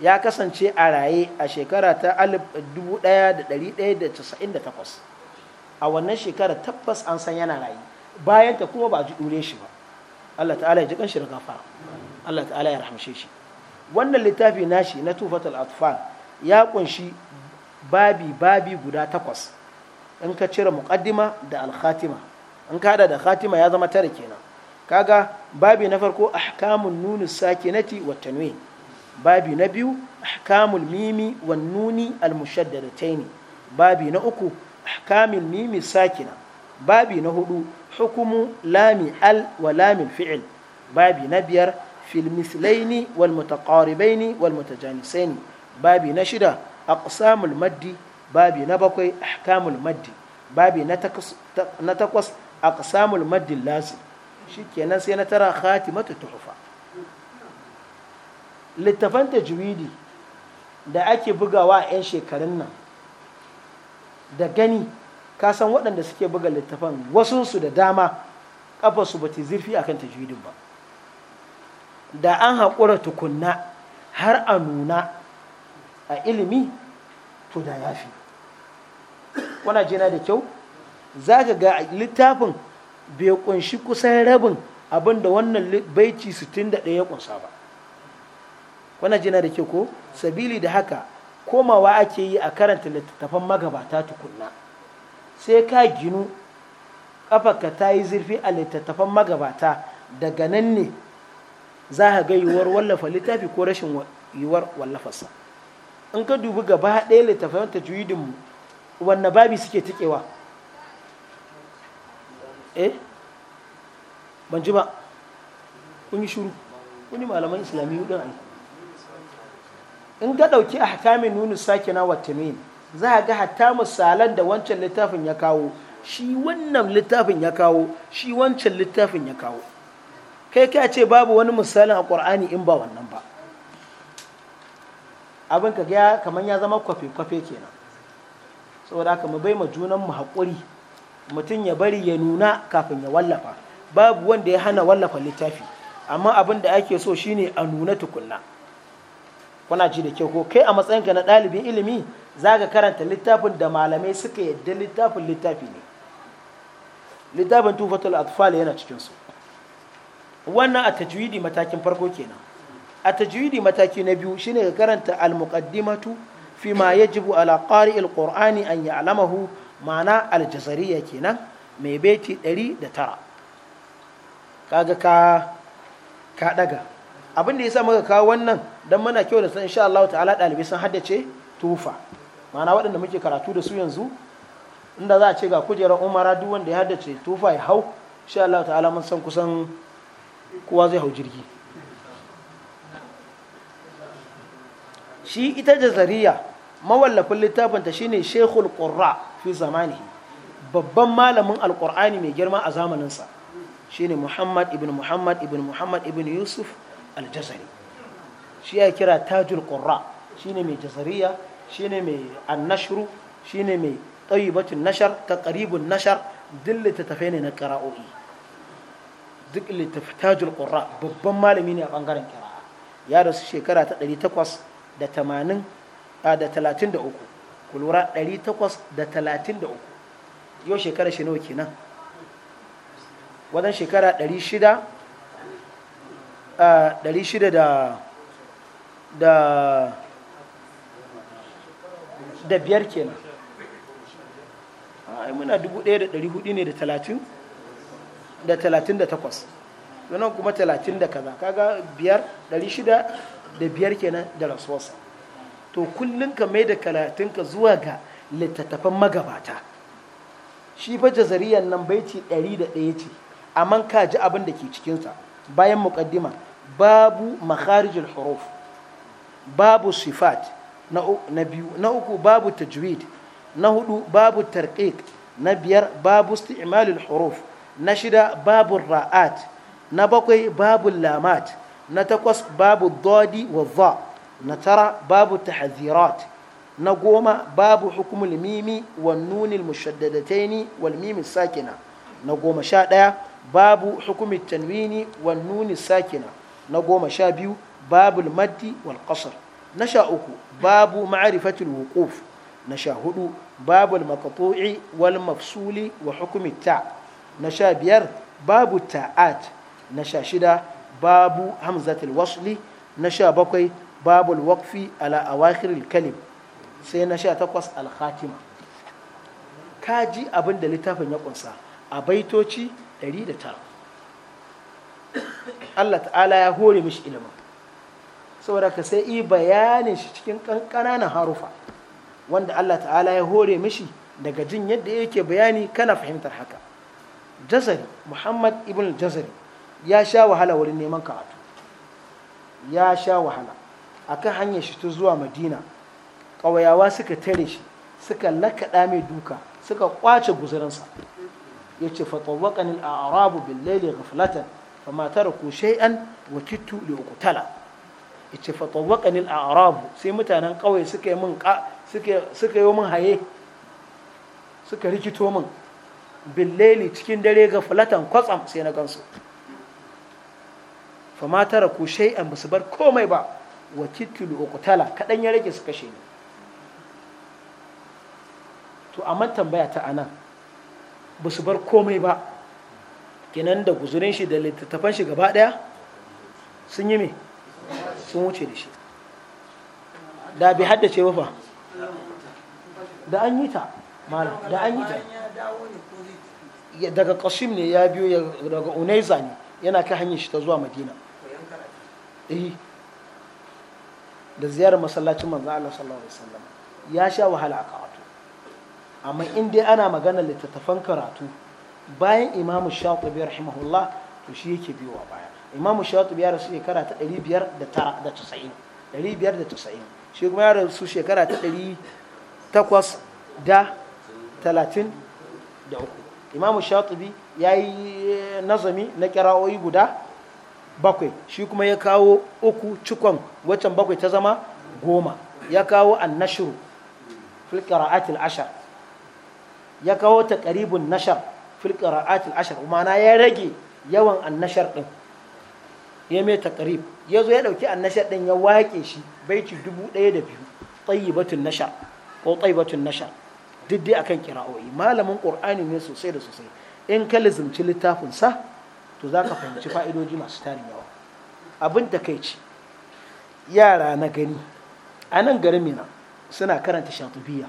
ya kasance a raye a shekara ta 1198 a wannan shekara tabbas an san yana raye bayan ta kuma ba a ji shi ba Allah ta'ala ya ji kanshi da gafara Allah ta'ala ya rahamshe shi wannan littafi nashi na tufatul atfal ya kunshi babi babi guda takwas in ka cire muqaddima da al-khatima in ka hada da khatima ya zama tare kenan kaga babi na farko ahkamun nuni sakinati wa tanwin babi na biyu ahkamul mimi wa nuni al babi na uku ahkamul mimi sakina babi na hudu hukumu lami al wa lamin fi'il babi na biyar fil mislaini wal mutaqaribaini wal mutajanisaini babi na shida aqsamul maddi babi na bakwai ahkamul maddi babi na takwas aqsamul maddi lazim shikenan sai na tara khatimatu tuhfa littafan tajwidi da ake bugawa a 'yan shekarun nan da gani ka san waɗanda suke buga littafan wasunsu da dama su ba ta zirfi akan tajwidin ba da an haƙura tukunna har a nuna a ilimi to da ya fi wana jina da kyau za ka ga littafin bai kunshi kusan rabin abinda wannan baici 61 ya kunsa ba wana jina da kyau ko sabili da haka komawa ake yi a karanta littattafan magabata tukunna sai ka ginu ka ta yi zurfi a littattafan magabata daga nan ne za ka ga yiwuwar wallafa littafi ko rashin yiwuwar wallafarsa in ka dubi gaba ɗaya littafin tajwidin mu wanne babi suke tikewa eh ban ji ba kun yi shuru yi malaman islami hudun ai in ga ɗauki a hakamin nunu sakina wa tamin za a ga hatta misalan da wancan littafin ya kawo shi wannan littafin ya kawo shi wancan littafin ya kawo kai ka ce babu wani misalin a ƙur'ani in ba wannan ba abin ka gaya kamar ya zama kwafe-kwafe kenan saboda haka mu bai ma junan mu haƙuri mutum ya bari ya nuna kafin ya wallafa babu wanda ya hana wallafa littafi amma abin da ake so shine a nuna tukunna kuna ji da kyau ko kai a matsayinka na ɗalibin ilimi za ka karanta littafin da malamai suka yadda littafin littafi ne littafin tufatul atfal yana cikinsu wannan a tajwidi matakin farko kenan a tajwidi mataki na biyu shine ka karanta al-muqaddimatu fi ma yajibu ala qari'il qur'ani an ya'lamahu ma'ana al kenan mai beti 109 kaga ka ka daga abin da yasa muka kawo wannan dan muna kyau da san insha Allah ta'ala dalibi sun haddace tufa ma'ana waɗanda muke karatu da su yanzu inda za a ce ga kujerar umara duk wanda ya haddace tufa ya hau insha Allah ta'ala mun san kusan kowa zai hau jirgi shi ita jazariya mawallafin littafinta shine shekul ƙurra fi zamani. babban malamin alƙur'ani mai girma a zamaninsa shine muhammad ibn muhammad ibn muhammad ibn yusuf aljazari shi ya kira tajul ƙurra shine mai jazariya shine mai annashru shine mai tsayibatun nashar ta ƙaribin nashar dillita tafai ne na ƙara'o'i duk littaftajul qurra babban malami ne a bangaren kira'a ya rasu shekara ta 880 da 33 ku lura 833 yau shekara shi nawa kenan wadan shekara 600 600 da da da biyar kenan a muna ne da 1430 da talatin da takwas wannan kuma talatin da kaza kaga biyar ɗari shida da biyar kenan da rasuwarsa to kullum ka mai da ka zuwa ga littattafan magabata shi fa jazariyan nan baiti ɗari da ɗaya ce amma ka ji abin da ke cikinsa bayan muƙaddima babu makharijul huruf babu sifat na biyu na uku babu tajwid na hudu babu tarqiq na biyar babu isti'malul huruf na shida babu ra'at na bakwai babu lamat na takwas babu dodi wa za na tara babu tahazirat na goma babu hukumul mimi wa nunil mushaddadataini wal mimi sakina na goma sha ɗaya babu hukumin tanwini wa nuni sakina na goma sha biyu babu maddi wal qasr na sha uku babu ma'rifatul wuquf na sha hudu babu al maqtu'i wal mafsuli wa hukumin ta' na sha biyar babu ta'at na sha shida babu hamzatul wasli na sha bakwai babu wakfi ala awakhiril kalim sai na sha takwas alhatima ka ji abin da littafin ya kunsa a baitoci 109 Allah ta'ala ya hore mishi ilimin saboda ka sai yi bayanin shi cikin ƙananan harufa wanda Allah ta'ala ya hore mishi daga jin yadda yake bayani kana fahimtar haka jazari muhammad ibn jazari ya sha wahala wurin neman karatu ya sha wahala akan hanyar shi ta zuwa madina ƙawayawa suka tare shi suka lakaɗa mai duka suka kwace guzurinsa ya ce fatawakanin a arabu billaili gaflatan fa matar ku shay'an wa kittu li ya ce fatawakanin a arabu sai mutanen ƙauye suka yi min haye suka rikito min billeli cikin dare ga fulatan kwatsam sai na gansu fa ma tara ku shay'an basu bar komai ba wa kitulu uqtala kadan ya rage su kashe ni to amma tambaya ta anan basu bar komai ba kenan da guzurin shi da littattafan shi gaba daya sun yi me sun wuce da shi da bi haddace ba fa da an yi ta malam da an yi ta daga kashim ne ya biyo daga unaiza ne yana kai hanyar shi ta zuwa madina eh da ziyarar masallacin manzo Allah sallallahu alaihi wasallam ya sha wahala a karatu amma in dai ana magana littattafan karatu bayan imamu biyar rahimahullah to shi yake biyowa baya imamu shatibi ya rasu shekara ta 590 590 shi kuma ya rasu shekara ta 800 da 30 da uku imamu shatibi ya yi eh, nazami na kira'o'i guda bakwai shi kuma ya kawo uku cikon waccan bakwai ta zama goma ya kawo annashiru fil atil ashar ya kawo karibin nashar fil qira'atil ashar ma'ana ya rage yawan annashar din ya mai karib ya zo ya dauki annashar din ya wake shi dubu baiti 1002 tayyibatun nashar ko tayyibatun nashar duk a akan kira'o'i malamin qur'ani ne sosai da sosai in ka lizimci littafin sa to ka fahimci fa'idoji masu tarin yawa abin ci yara na gani a nan garin mina suna karanta shatubiya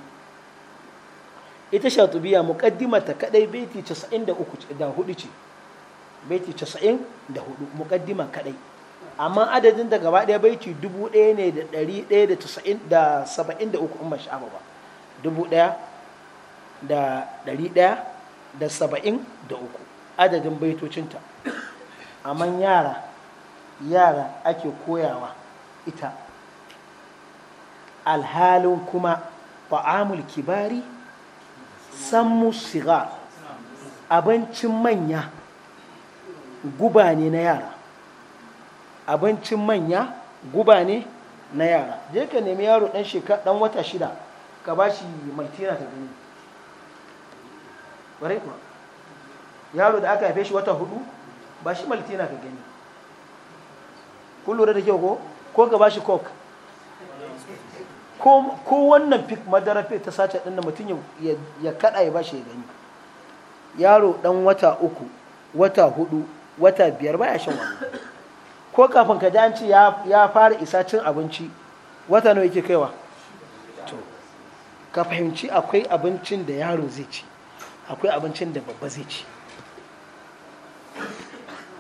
ita shatubiya muqaddima ta kadai beti 93 da hudu ce baiti 94 muqaddima kadai amma adadin da gaba ɗaya baiti dubu ɗaya ne da ɗari ɗaya da casa'in da saba'in da uku in ba ba dubu ɗaya da ɗari ɗaya da saba'in da uku adadin baitocinta amma yara yara ake koyawa ita alhalin kuma ba'amul kibari sammu sigar abincin manya guba ne na yara abincin manya guba ne na yara je ka nemi yaro ɗan wata shida ka ba shi mai ta gani ƙwarai yaro da aka haife shi wata hudu ba shi maltina ka gani ku lura da kyau ko ko ka ba shi coke ko wannan fi madara fit ta sace ɗin da mutum ya kaɗa ya ba shi ya gani yaro ɗan wata uku wata hudu wata biyar ya shan wani ko kafin ka janci an ya fara isa cin abinci wata nawa yake kaiwa to ka fahimci akwai abincin da yaro zai ci akwai abincin da babba zai ci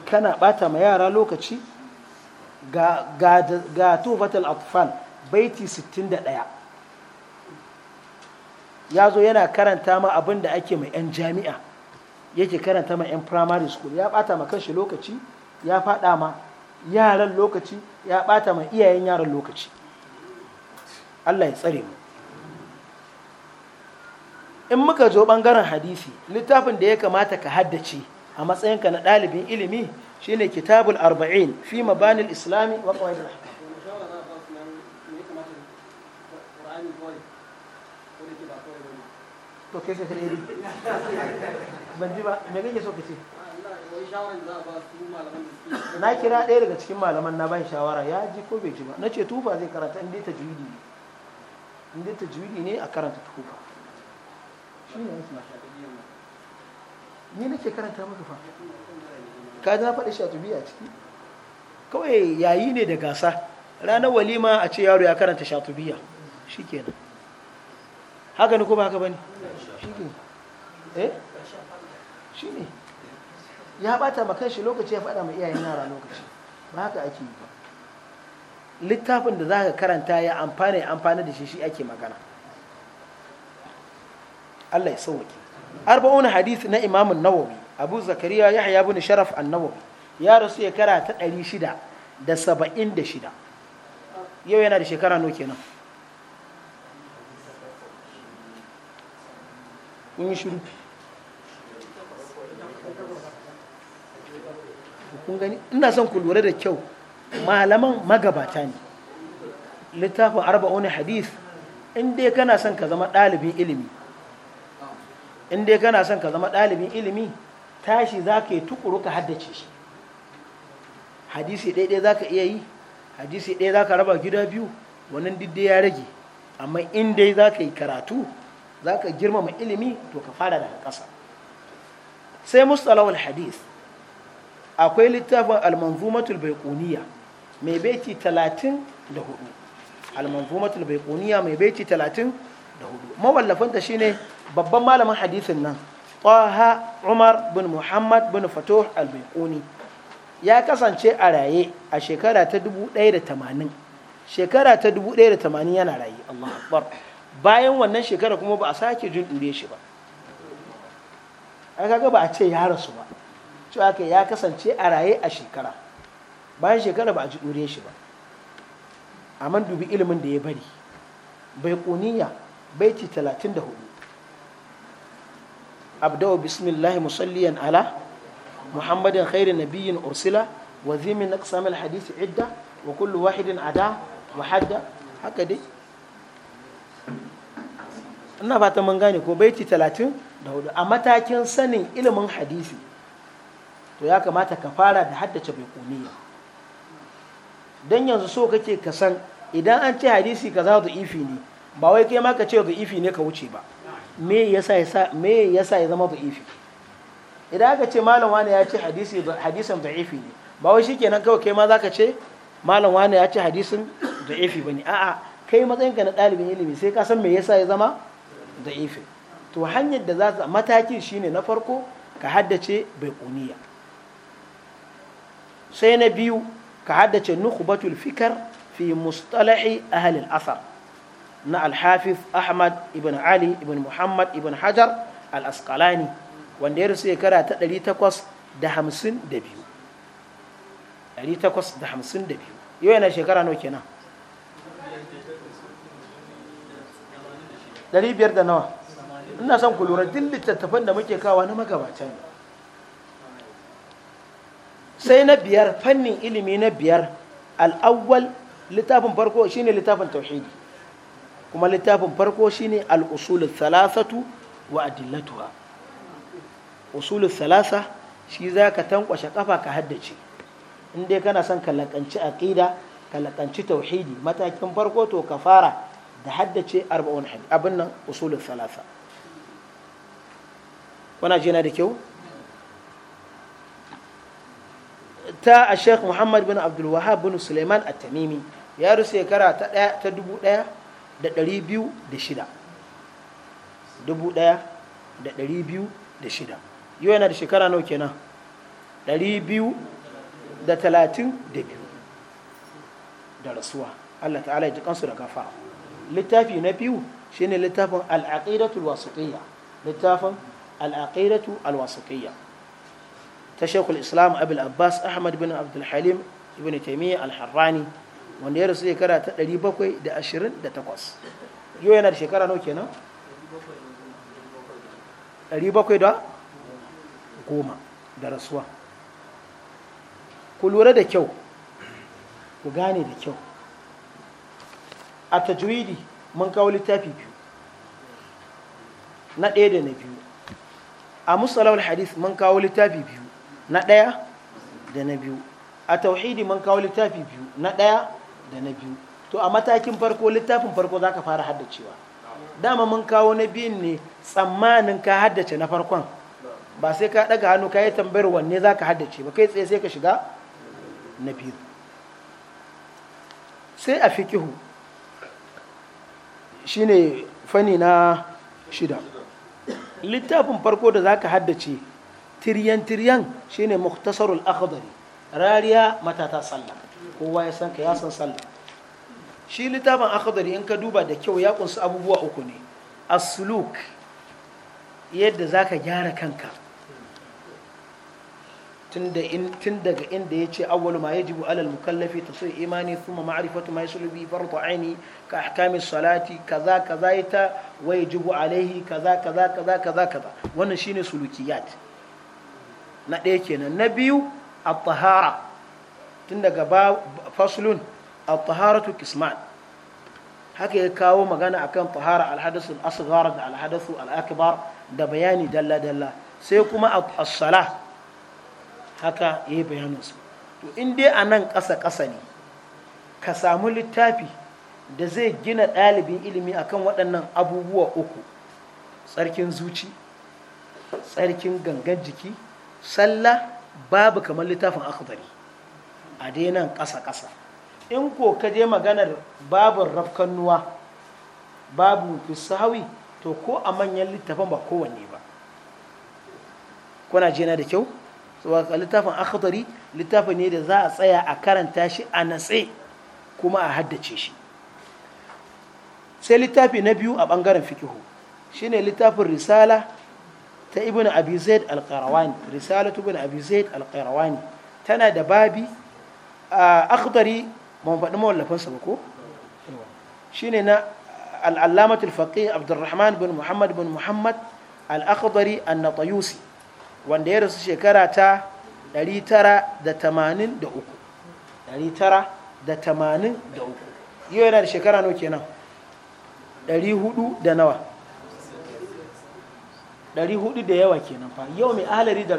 kana bata ma yara lokaci ga tufatul atfal baiti 61 ya zo yana karanta ma abin da ake mai 'yan jami'a yake karanta ma 'yan primary school ya bata ma kanshi lokaci ya fada ma yaran lokaci ya bata ma iyayen yaran lokaci Allah ya tsare mu in muka zo bangaren hadisi littafin da ya kamata ka haddace a matsayinka na ɗalibin ilimi shine kitabul arba'in fi mabanil islami wa na kira ɗaya daga cikin malaman na ban shawara ya ji ko bai ji ba na ce tufa zai karanta ne ne a karanta tufa shi ne yake ni nake karanta maka fa ka na faɗi sha a tubi a ciki kawai yayi ne da gasa ranar walima a ce yaro ya karanta shatubiya shi kenan haka ne ko ba haka ba ne shi ne eh shi ne ya bata ma kanshi lokaci ya faɗa ma iyayen yara lokaci ba haka ake yi ba littafin da za ka karanta ya amfana ya amfana da shi shi ake magana Allah ya sauwake arba'un hadith na Imam Nawawi Abu Zakariya Yahya ibn Sharaf An-Nawawi ya rasu ya saba'in ta 676 yau yana da shekara nawa kenan kun kun gani ina son ku lura da kyau malaman magabata ne littafin arba'un hadith in dai kana son ka zama ɗalibin ilimi in dai kana son ka zama ɗalibin ilimi tashi za ka yi tukuru ka haddace shi hadisi ɗaya za ka iya yi hadisi ɗaya za ka raba gida biyu wannan diddai ya rage amma in dai za ka yi karatu za ka girmama ilimi to ka fara daga ƙasa sai mustalawal hadis akwai littafin almanzumatul baiquniya mai baiti talatin da hudu almanzumatul baiquniya mai baiti talatin da hudu mawallafanta shine babban malamin hadisin nan Taha Umar bin Muhammad bin Fatuh al-Baiquni ya kasance a raye a shekara ta 1080 shekara ta 1080 yana raye Allah akbar bayan wannan shekara kuma ba a sake jin dure shi ba aka ga ba a ce ya rasu ba cewa aka ya kasance a raye a shekara bayan shekara ba a ji dure shi ba amma dubi ilimin da ya bari bai kuniya baiti 34 أبدأ بسم الله مصليا على محمد خير نبي أرسل وذي من أقسام الحديث عدة وكل واحد عدا وحدة هكذا ina fata mun gane ko baiti talatin da hudu a matakin sanin ilimin hadisi to ya kamata ka fara da haddace bai baikuniya don yanzu so kake ka san idan an ce hadisi kaza da ifi ne ba wai kai ma ka ce da ifi ne ka wuce ba me yasa yasa me yasa ya zama da'ifi idan aka ce malam wani ya ce hadisin da'ifi ne ba wai shikenan kawai kai ma zaka ce malam wani ya ce hadisin da'ifi bane a'a kai matsayinka na ɗalibin ilimi sai ka san me yasa ya zama da'ifi to hanyar da za ta matakin shine na farko ka haddace baikuniya sai na biyu ka haddace nukhbatul fikar fi mustalahi ahli al-asar na Alhafif ahmad ibn ali ibn muhammad ibn hajar al-asqalani wanda ya rasu shekara ta 852 852 yau yana shekara nawa kenan 500 da nawa ina son ku lura duk littattafan da muke kawa na magabata ne sai na biyar fannin ilimi na biyar al'awwal littafin farko shine littafin tauhidi kuma littafin farko shine al salasatu thalathatu wa adillatuha usul thalatha shi zaka tankwashe kafa ka haddace in dai kana son ka lakanci aqida ka lakanci tauhidi matakin farko to ka fara da haddace arba'un hadith abin nan usulun salasa kuna ji na da kyau ta a sheikh muhammad bin abdul wahab bin suleiman at-tamimi ya rusa shekara ta 1000 da ɗari biyu da shida dubu ɗaya da ɗari biyu da shida yau yana da shekara nau kenan ɗari biyu da talatin da biyu da rasuwa Allah ta'ala ya ji kansu da gafara littafi na biyu shine littafin al'aqidatu al-wasitiyya littafin al'aqidatu al ta shekul islam abul abbas ahmad bin abdul ibn taimiyya al-harrani wanda ya rasu shekara ta 728 yau yana da shekara nau kenan 700 da goma da rasuwa ku lura da kyau ku gane da kyau a tajwidi mun kawo littafi biyu na ɗaya da na biyu a musalawar hadith mun kawo littafi biyu na ɗaya da na biyu a tauhidi mun kawo littafi biyu na ɗaya da na biyu to a matakin farko littafin farko za ka fara haddacewa dama mun kawo na biyun ne tsammanin ka haddace na farkon ba sai ka daga hannu ka yi tambayar wanne za ka haddace ba kai tsaye sai ka shiga na biyu sai a fikihu shine fani na shida littafin farko da za ka haddace tiryan-tiryan shine muktasarul akhdari rariya matata sallah kowa ya san ka ya san sallah shi littafin akhdari in ka duba da kyau ya kunsa abubuwa uku ne as-suluk yadda zaka gyara kanka tun daga inda ya ce awwalu ma yajibu alal mukallafi tasir imani thumma ma'rifatu ma yasulu bi fardu aini ka ahkamis salati kaza kaza ita wa yajibu alaihi kaza kaza kaza kaza kaza wannan shine sulukiyat na ɗaya kenan na biyu at-tahara tun daga faslun a taharatu kisman haka ya kawo magana akan tahara alhadasu asghar da alhadasu al'akbar da bayani dalla dalla sai kuma a sala haka ya yi bayanansu. to in dai a nan ƙasa ƙasa ne ka samu littafi da zai gina ɗalibin ilimi akan waɗannan abubuwa uku tsarkin zuci tsarkin gangan jiki sallah babu kamar littafin akhdari a nan ƙasa-ƙasa in ko ka je maganar babin rafkannuwa babu fisawi to ko a manyan littafin ba kowanne ba kuna jina da kyau saboda littafin akhdari littafin ne da za a tsaya a karanta shi a natse kuma a haddace shi sai littafi na biyu a bangaren fikihu shine littafin risala ta ibn abi zaid al-qarawani risalatu ibn abi zaid al tana da babi akhdari ba mu faɗi mawallafinsa ba ko shine na al'allamatul faqih abdurrahman bin muhammad bin muhammad al-akhdari an-natayusi wanda ya rasu shekara ta 983 983 yau yana da shekara nawa kenan 400 da nawa 400 da yawa kenan fa yau mai ahalari da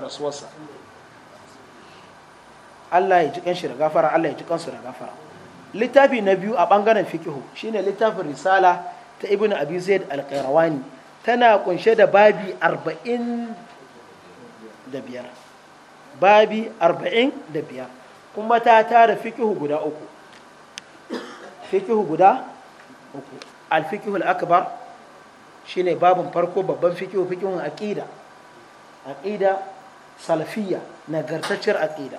rasuwarsa Allah ya ji kanshi da gafara Allah ya ji kansu da gafara littafi na biyu a bangaren fikihu shine littafin risala ta ibnu abi zaid al-qayrawani tana kunshe da babi 45 babi 45 kuma ta tara fikihu guda uku fikihu guda uku al-fikihu al-akbar shine babin farko babban fikihu fikihun aqida aqida salafiyya nagartacciyar aqida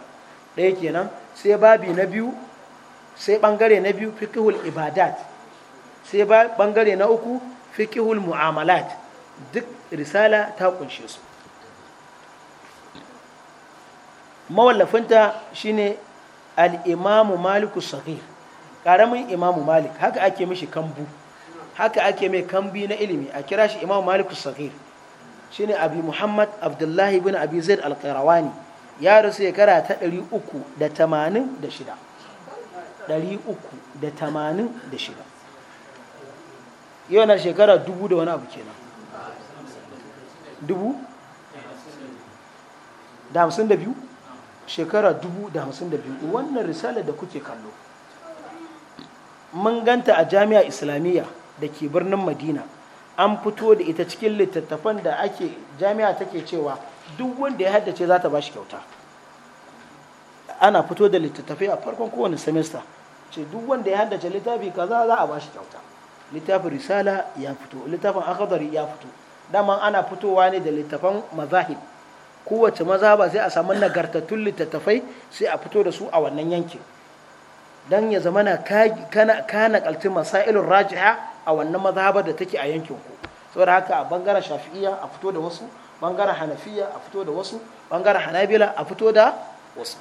ɗaya kenan sai babi na biyu sai ɓangare na biyu fikihul ibadat sai ɓangare na uku fikihul mu'amalat duk risala ta kunshe su mawallafinta shine al'imamu maliku sahih ƙaramin imamu malik haka ake mishi kambu haka ake mai kambi na ilimi a kira shi imamu maliku sahih shine abi muhammad abdullahi bin abi zaid al qarawani ya rasu shekara ta 386 386 yau na shekara dubu da wani abu kenan dubu da hamsin da biyu shekara dubu da hamsin da biyu wannan risalar da kuke kallo mun ganta a jami'a islamiyya da ke birnin madina an fito da ita cikin littattafan da ake jami'a take cewa duk wanda ya haddace za ta ba shi kyauta ana fito da littattafai a farkon kowane semester ce duk wanda ya haddace littafi kaza za a ba shi kyauta littafin risala ya fito littafin akadari ya fito dama ana fitowa ne da littafan mazahib kowace maza ba sai a samu nagartattun littattafai sai a fito da su a wannan yankin don ya zama na kana kalti masailun rajiha a wannan mazhabar da take a yankin ku saboda haka a bangaren shafi'iya a fito da wasu bangaren hanafiya a fito da wasu bangaren hanabila a fito da wasu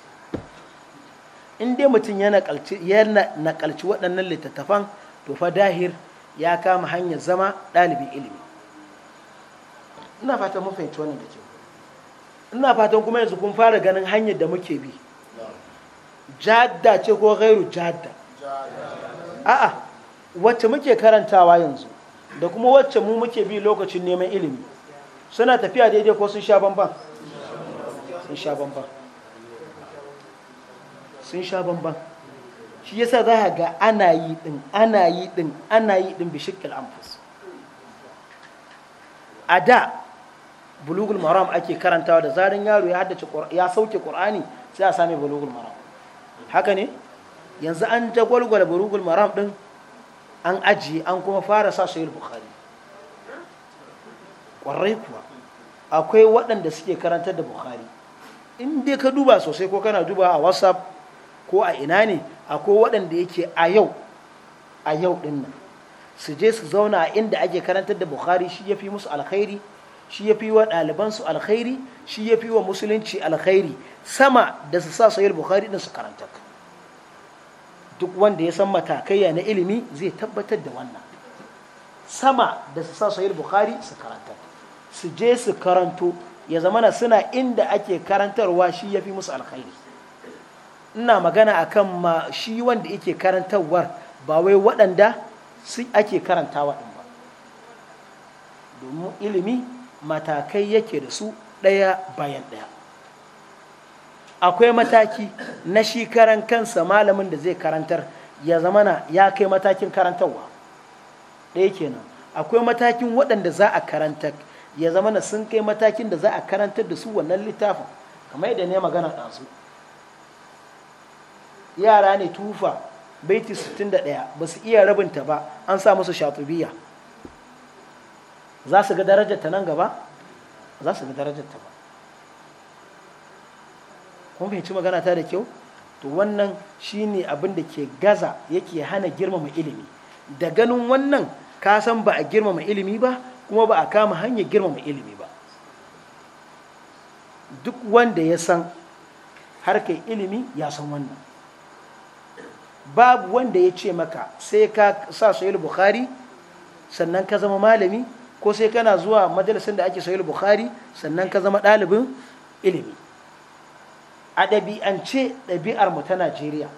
in dai mutum ya nakalci waɗannan littattafan to fa dahir ya kama hanyar zama ɗalibin ilimi ina fatan mun fahimci wannan da ke ina fatan kuma yanzu kun fara ganin hanyar da muke bi jadda ce ko gairu jadda a'a wacce muke karantawa yanzu da kuma wacce mu muke bi lokacin neman ilimi suna tafiya daidai ko sun sha bamban sun sha bamban sun sha bamban shi yasa za a ga ana yi din ana yi din ana yi din bishikil amfus a da bulugul maram ake karantawa da zarin yaro ya sauke qur'ani sai a sami bulugul maram haka ne yanzu an jagwalgwala bulugul maram din an ajiye an kuma fara sa sahih bukhari kwarai kuwa akwai waɗanda suke karantar da bukhari in dai ka duba sosai ko kana duba a whatsapp ko a ina ne akwai waɗanda yake a yau a yau ɗin nan su je su zauna a inda ake karantar da bukhari shi ya fi musu alkhairi shi ya fi wa ɗalibansu alkhairi shi ya fi wa musulunci alkhairi sama da su sa sayar bukhari ɗin su karanta duk wanda ya san matakaiya na ilimi zai tabbatar da wannan sama da su sa sayar bukhari su karanta su je su karanto ya zamana suna inda ake karantarwa shi ya fi musu alkhairi ina magana a kan ma shi wanda yake karantarwar ba wai waɗanda su ake karantawa ɗin ba domin ilimi matakai yake da su ɗaya bayan ɗaya akwai mataki na shi karan kansa malamin da zai karantar ya zamana ya kai matakin karantarwa ɗaya kenan akwai matakin waɗanda za a karantar ya zama na sun kai matakin da za a karantar da su wannan littafin kamar yadda ne magana ɗansu yara ne tufa baiti 61 ba su iya rabinta ba an sa musu shatubiya za su ga darajarta nan gaba za su ga darajarta ba kuma fahimci magana ta da kyau to wannan shine abin da ke gaza yake hana girmama ilimi da ganin wannan ka san ba a girmama ilimi ba kuma ba a kama hanyar girmama ilimi ba duk wanda ya san harkar ilimi ya san wannan babu wanda ya ce maka sai ka sa sayil bukhari sannan ka zama malami ko sai kana zuwa majalisar da ake sayil bukhari sannan ka zama ɗalibin ilimi a ɗabi'ance ɗabi'ar mu ta najeriya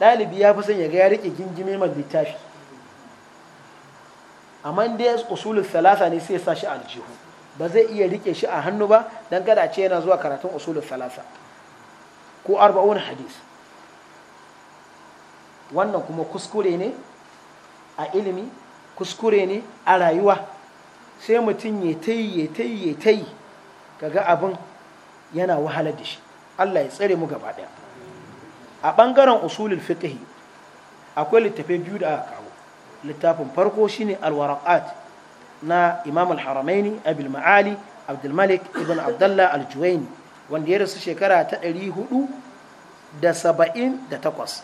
ɗalibi ya fi son ya ga ya riƙe gingimi mai littafi amma dai usulul salasa ne sai ya sa shi a aljihu ba zai iya rike shi a hannu ba dan kada ce yana zuwa karatun usulul salasa ko arba'un hadis wannan kuma kuskure ne a ilimi kuskure ne a rayuwa sai mutum ya tayi ya tayi ya kaga abin yana wahalar da shi Allah ya tsare mu gaba daya a bangaren usulul fiqh akwai littafai biyu da aka littafin farko shine alwaraqat na imam al-haramaini abul ma'ali abdul malik ibn abdullah al-juwaini wanda ya rasu shekara ta 478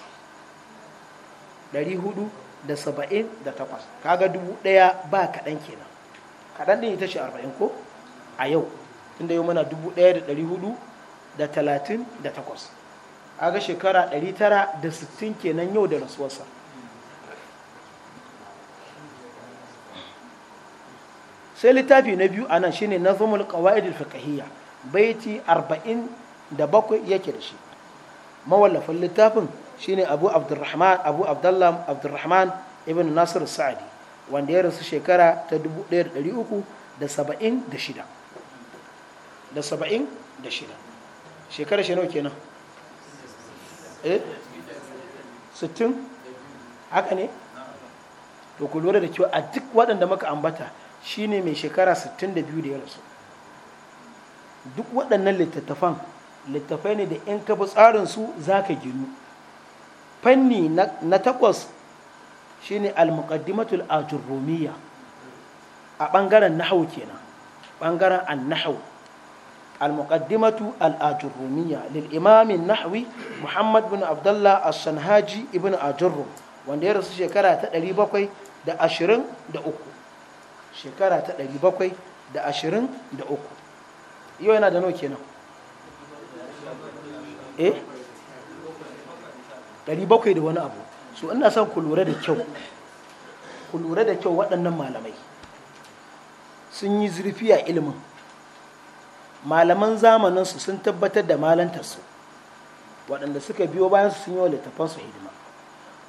478 kaga dubu daya ba kaɗan kenan kaɗan din ita shi 40 ko a yau tunda yau mana 1438 aga shekara 960 kenan yau da rasuwarsa sai littafi na biyu anan shine nazmul qawaid al-fiqhiyya baiti 47 yake da shi mawallafin littafin shine Abu Abdurrahman Abu Abdullah Abdurrahman ibn Nasir Sa'adi wanda ya rasu shekara ta 1376 da 76 shekara shi nawa kenan eh 60 haka ne to ku lura da cewa a duk waɗanda muka ambata shine mai shekara 62 da ya rasu duk waɗannan littattafan littattafai ne da in kafa tsarinsu za ka ginu fanni na takwas shine al-muqaddimatul ajurrumiya a ɓangaren nahau kenan ɓangaren an-nahau al-muqaddimatu al-ajurrumiya lil imamin nahwi muhammad bin abdullah as-sanhaji ibn ajurrum wanda ya rasu shekara ta 723 shekara ta 723 yau yana da nawa kenan eh 700 da wani abu so ina son ku lura da kyau ku lura da kyau waɗannan malamai sun yi zurfi a ilimin malaman zamaninsu sun tabbatar da malantarsu waɗanda suka biyo bayan sun yi wa littafansu hidima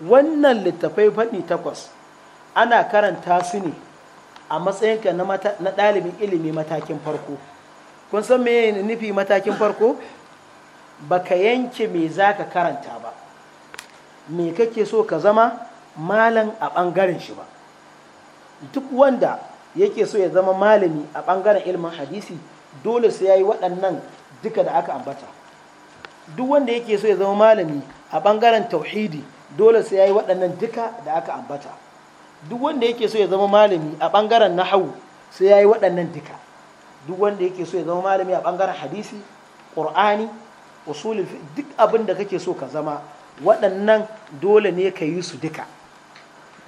wannan littafai faɗi takwas ana karanta su ne a matsayinka na ɗalibin ilimi matakin farko kun san me nufi matakin farko baka yanke me za ka karanta ba me kake so ka zama malam a ɓangaren shi ba duk wanda yake so ya zama malami a ɓangaren ilimin hadisi dole sai ya yi waɗannan duka da aka ambata duk wanda yake so ya zama malami a ɓangaren tauhidi dole sai ya yi waɗannan duka da aka ambata duk wanda yake so ya zama malami a bangaren nahawu sai yayi waɗannan duka duk wanda yake so ya zama malami a bangaren hadisi qur'ani usulul duk abin da kake so ka zama waɗannan dole ne ka yi su duka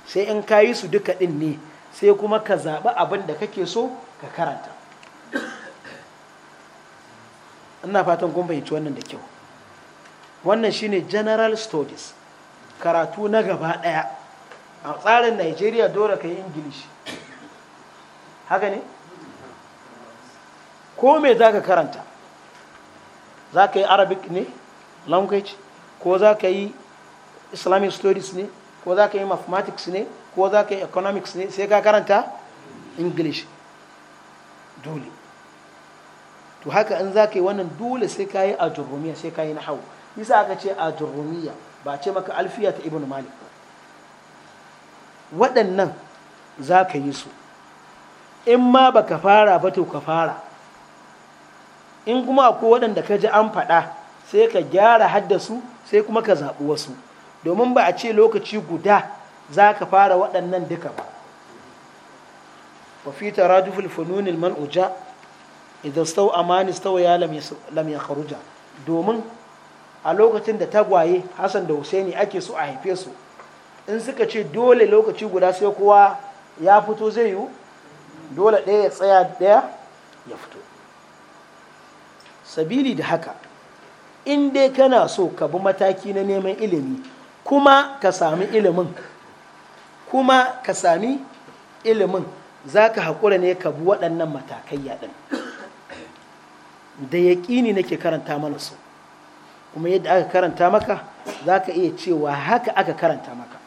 sai in ka yi su duka ɗin ne sai kuma ka zaɓi abin da kake so ka karanta ina fatan kun fahimci wannan da kyau wannan shine general studies karatu na gaba ɗaya a tsarin nigeria dole ka yi ingilishi haka ne ko me za ka karanta za ka yi arabic ne language ko za ka yi islamic studies ne ko za ka yi mathematics ne ko za ka yi economics ne sai ka karanta english dole to haka in za ka yi wannan dole sai ka yi a sai ka yi na hau isa aka ce a ba ce maka alfiya ta ibn malik waɗannan za ka yi su in ma ba ka fara ba to ka fara in kuma akwai waɗanda ka ji an faɗa sai ka gyara haddasu sai kuma ka zaɓi wasu domin ba a ce lokaci guda za ka fara waɗannan duka ba raju ترادف الفنون المنؤجة إذا استوى stau ya lamya kharuja domin a lokacin da tagwaye hassan da husaini ake so a haife su in suka ce dole lokaci guda sai kowa ya fito zai yiwu dole ɗaya ya tsaya ɗaya ya fito sabili da haka in dai kana so ka bi mataki na neman ilimi kuma ka sami ilimin kuma ka sami ilimin za ka haƙura ne ka bi waɗannan matakai yaɗin da yaƙini nake karanta mana su kuma yadda aka karanta maka za ka iya cewa haka aka karanta maka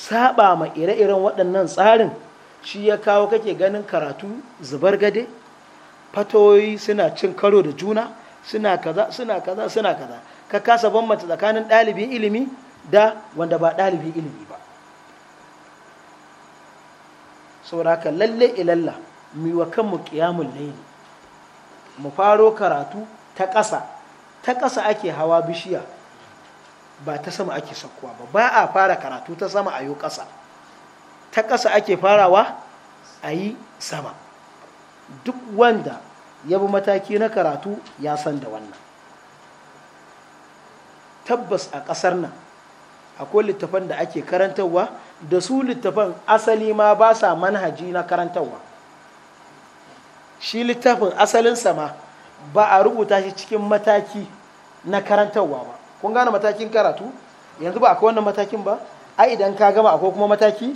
saba ma ire-iren waɗannan tsarin shi ya kawo kake ganin karatu zubar gade fatoyi suna cin karo da juna suna kaza suna kaza suna kaza ka kasa bambanta tsakanin ɗalibin ilimi da wanda ba ɗalibin ilimi ba sauraka lalle ilalla mu wa kanmu ƙiyamun laini mu faro karatu ta ƙasa ta ƙasa ake hawa bishiya ba ta sama ake sakkuwa ba ba a fara karatu ta sama a yi ƙasa ta ƙasa ake farawa a yi sama duk wanda ya bi mataki na karatu ya san da wannan tabbas a ƙasar nan akwai littafan da ake karantarwa da su littafan asali ma ba sa manhaji na karantarwa shi littafin asalin sama ba a rubuta shi cikin mataki na karantarwa ba kun gane matakin karatu yanzu ba akwai wannan matakin ba ai idan ka gama akwai kuma mataki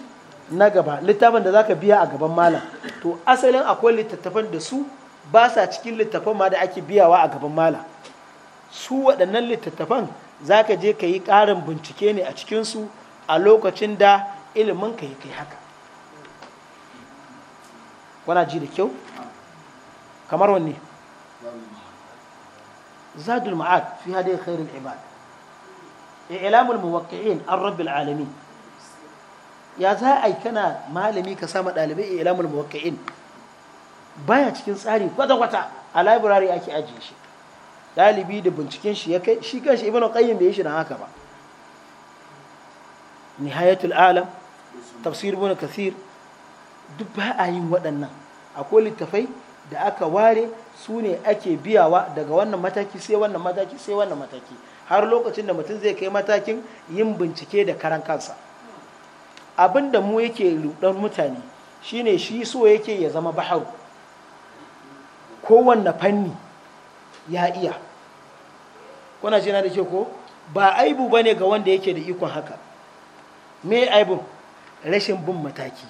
na gaba littafin da zaka biya a gaban malam to asalin akwai littattafan da su ba sa cikin littattafan ma da ake biyawa a gaban malam su waɗannan littattafan zaka je ka yi ƙarin bincike ne a cikinsu a lokacin da ilimin ka yi kai haka wana ji da kyau kamar wanne zadul ma'ad fi hadi khairul ibad i'lamul muwaqqi'in an alami ya za a yi kana malami ka sama ɗalibai i'lamul muwaqqi'in baya cikin tsari kwata kwata a library ake ajiye shi ɗalibi da binciken shi ya kai shi kanshi ibnu qayyim bai yi shi da haka ba nihayatul alam tafsir ibn kathir duk ba a yin waɗannan akwai littafai da aka ware sune ne ake biyawa daga wannan mataki sai wannan mataki sai wannan mataki har lokacin da mutum zai kai matakin yin bincike da karan kansa abin da mu yake rudar mutane shine shi so yake ya zama baharu kowanne fanni ya iya kuna ce na da ke ko ba aibu ba ne ga wanda yake da ikon haka me aibun rashin bin mataki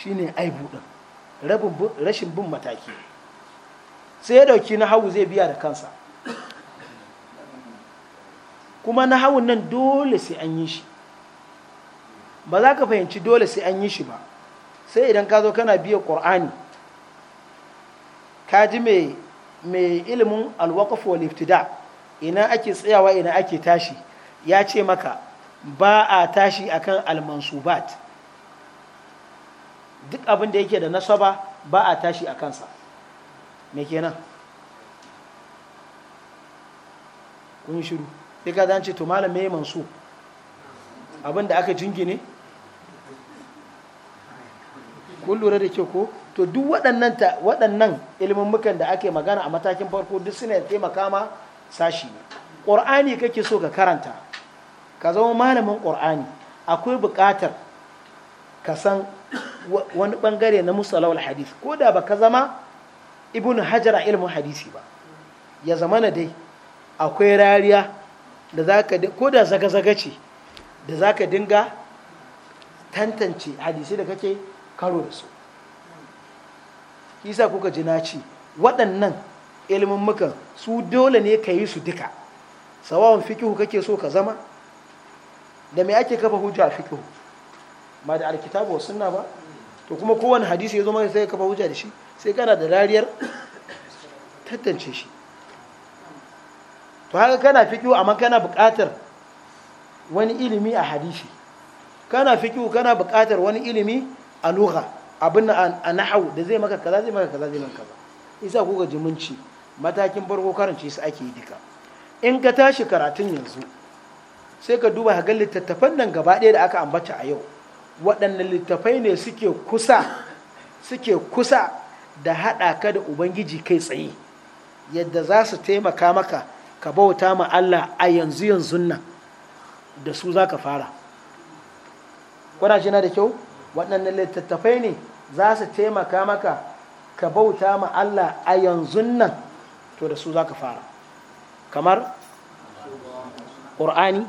shi aibu ɗin rashin bin mataki sai ya dauki na hau zai biya da kansa kuma na hawan nan dole sai an yi shi ba za ka fahimci dole sai an yi shi ba sai idan ka zo kana biya ƙor'ani ka ji mai ilimin alwakafo liftida ina ake tsayawa ina ake tashi ya ce maka ba a tashi akan almansubat duk abin da yake da nasaba ba a tashi a kansa me kenan kun shiru sai ka zance to malam me mansu abin da aka jingine kun lura da kyau ko to duk waɗannan waɗannan ilmummukan da ake magana a matakin farko duk suna taimaka ma sashi ne ƙur'ani kake so ka karanta ka zama malamin ƙur'ani akwai buƙatar ka san wani ɓangare na musalawar hadisi ko da ba ka zama ibn hajar a ilimin hadisi ba ya zama na dai akwai rariya da za ka ko da zaga-zaga ce da za ka dinga tantance hadisai da kake karo da su kisa kuka ji ce waɗannan ilimin su dole ne ka yi su duka sawawan fikihu kake so ka zama da me ake kafa hujja a fikihu ma da alkitabu wa suna ba to kuma kowane hadisi ya zo maka sai kafa hujja da shi sai kana da rariyar tantance shi to haka kana fiƙiyu amma kana buƙatar wani ilimi a hadisi kana fiƙiyu kana buƙatar wani ilimi a luha abin a nahau da zai maka kaza zai maka kaza zai maka kaza isa kuka ga jiminci matakin farko karanci su ake yi duka in ka tashi karatun yanzu sai ka duba ga littattafan nan gaba ɗaya da aka ambata a yau waɗanne littattafai ne suke kusa suke kusa da haɗa ka da ubangiji kai tsaye yadda za su taimaka maka ka bauta ma Allah a yanzu yanzu nan da su za ka fara kwanashi na da kyau waɗannan littattafai ne za su taimaka maka ka bauta ma Allah a yanzu nan to da su za ka fara kamar ƙur'ani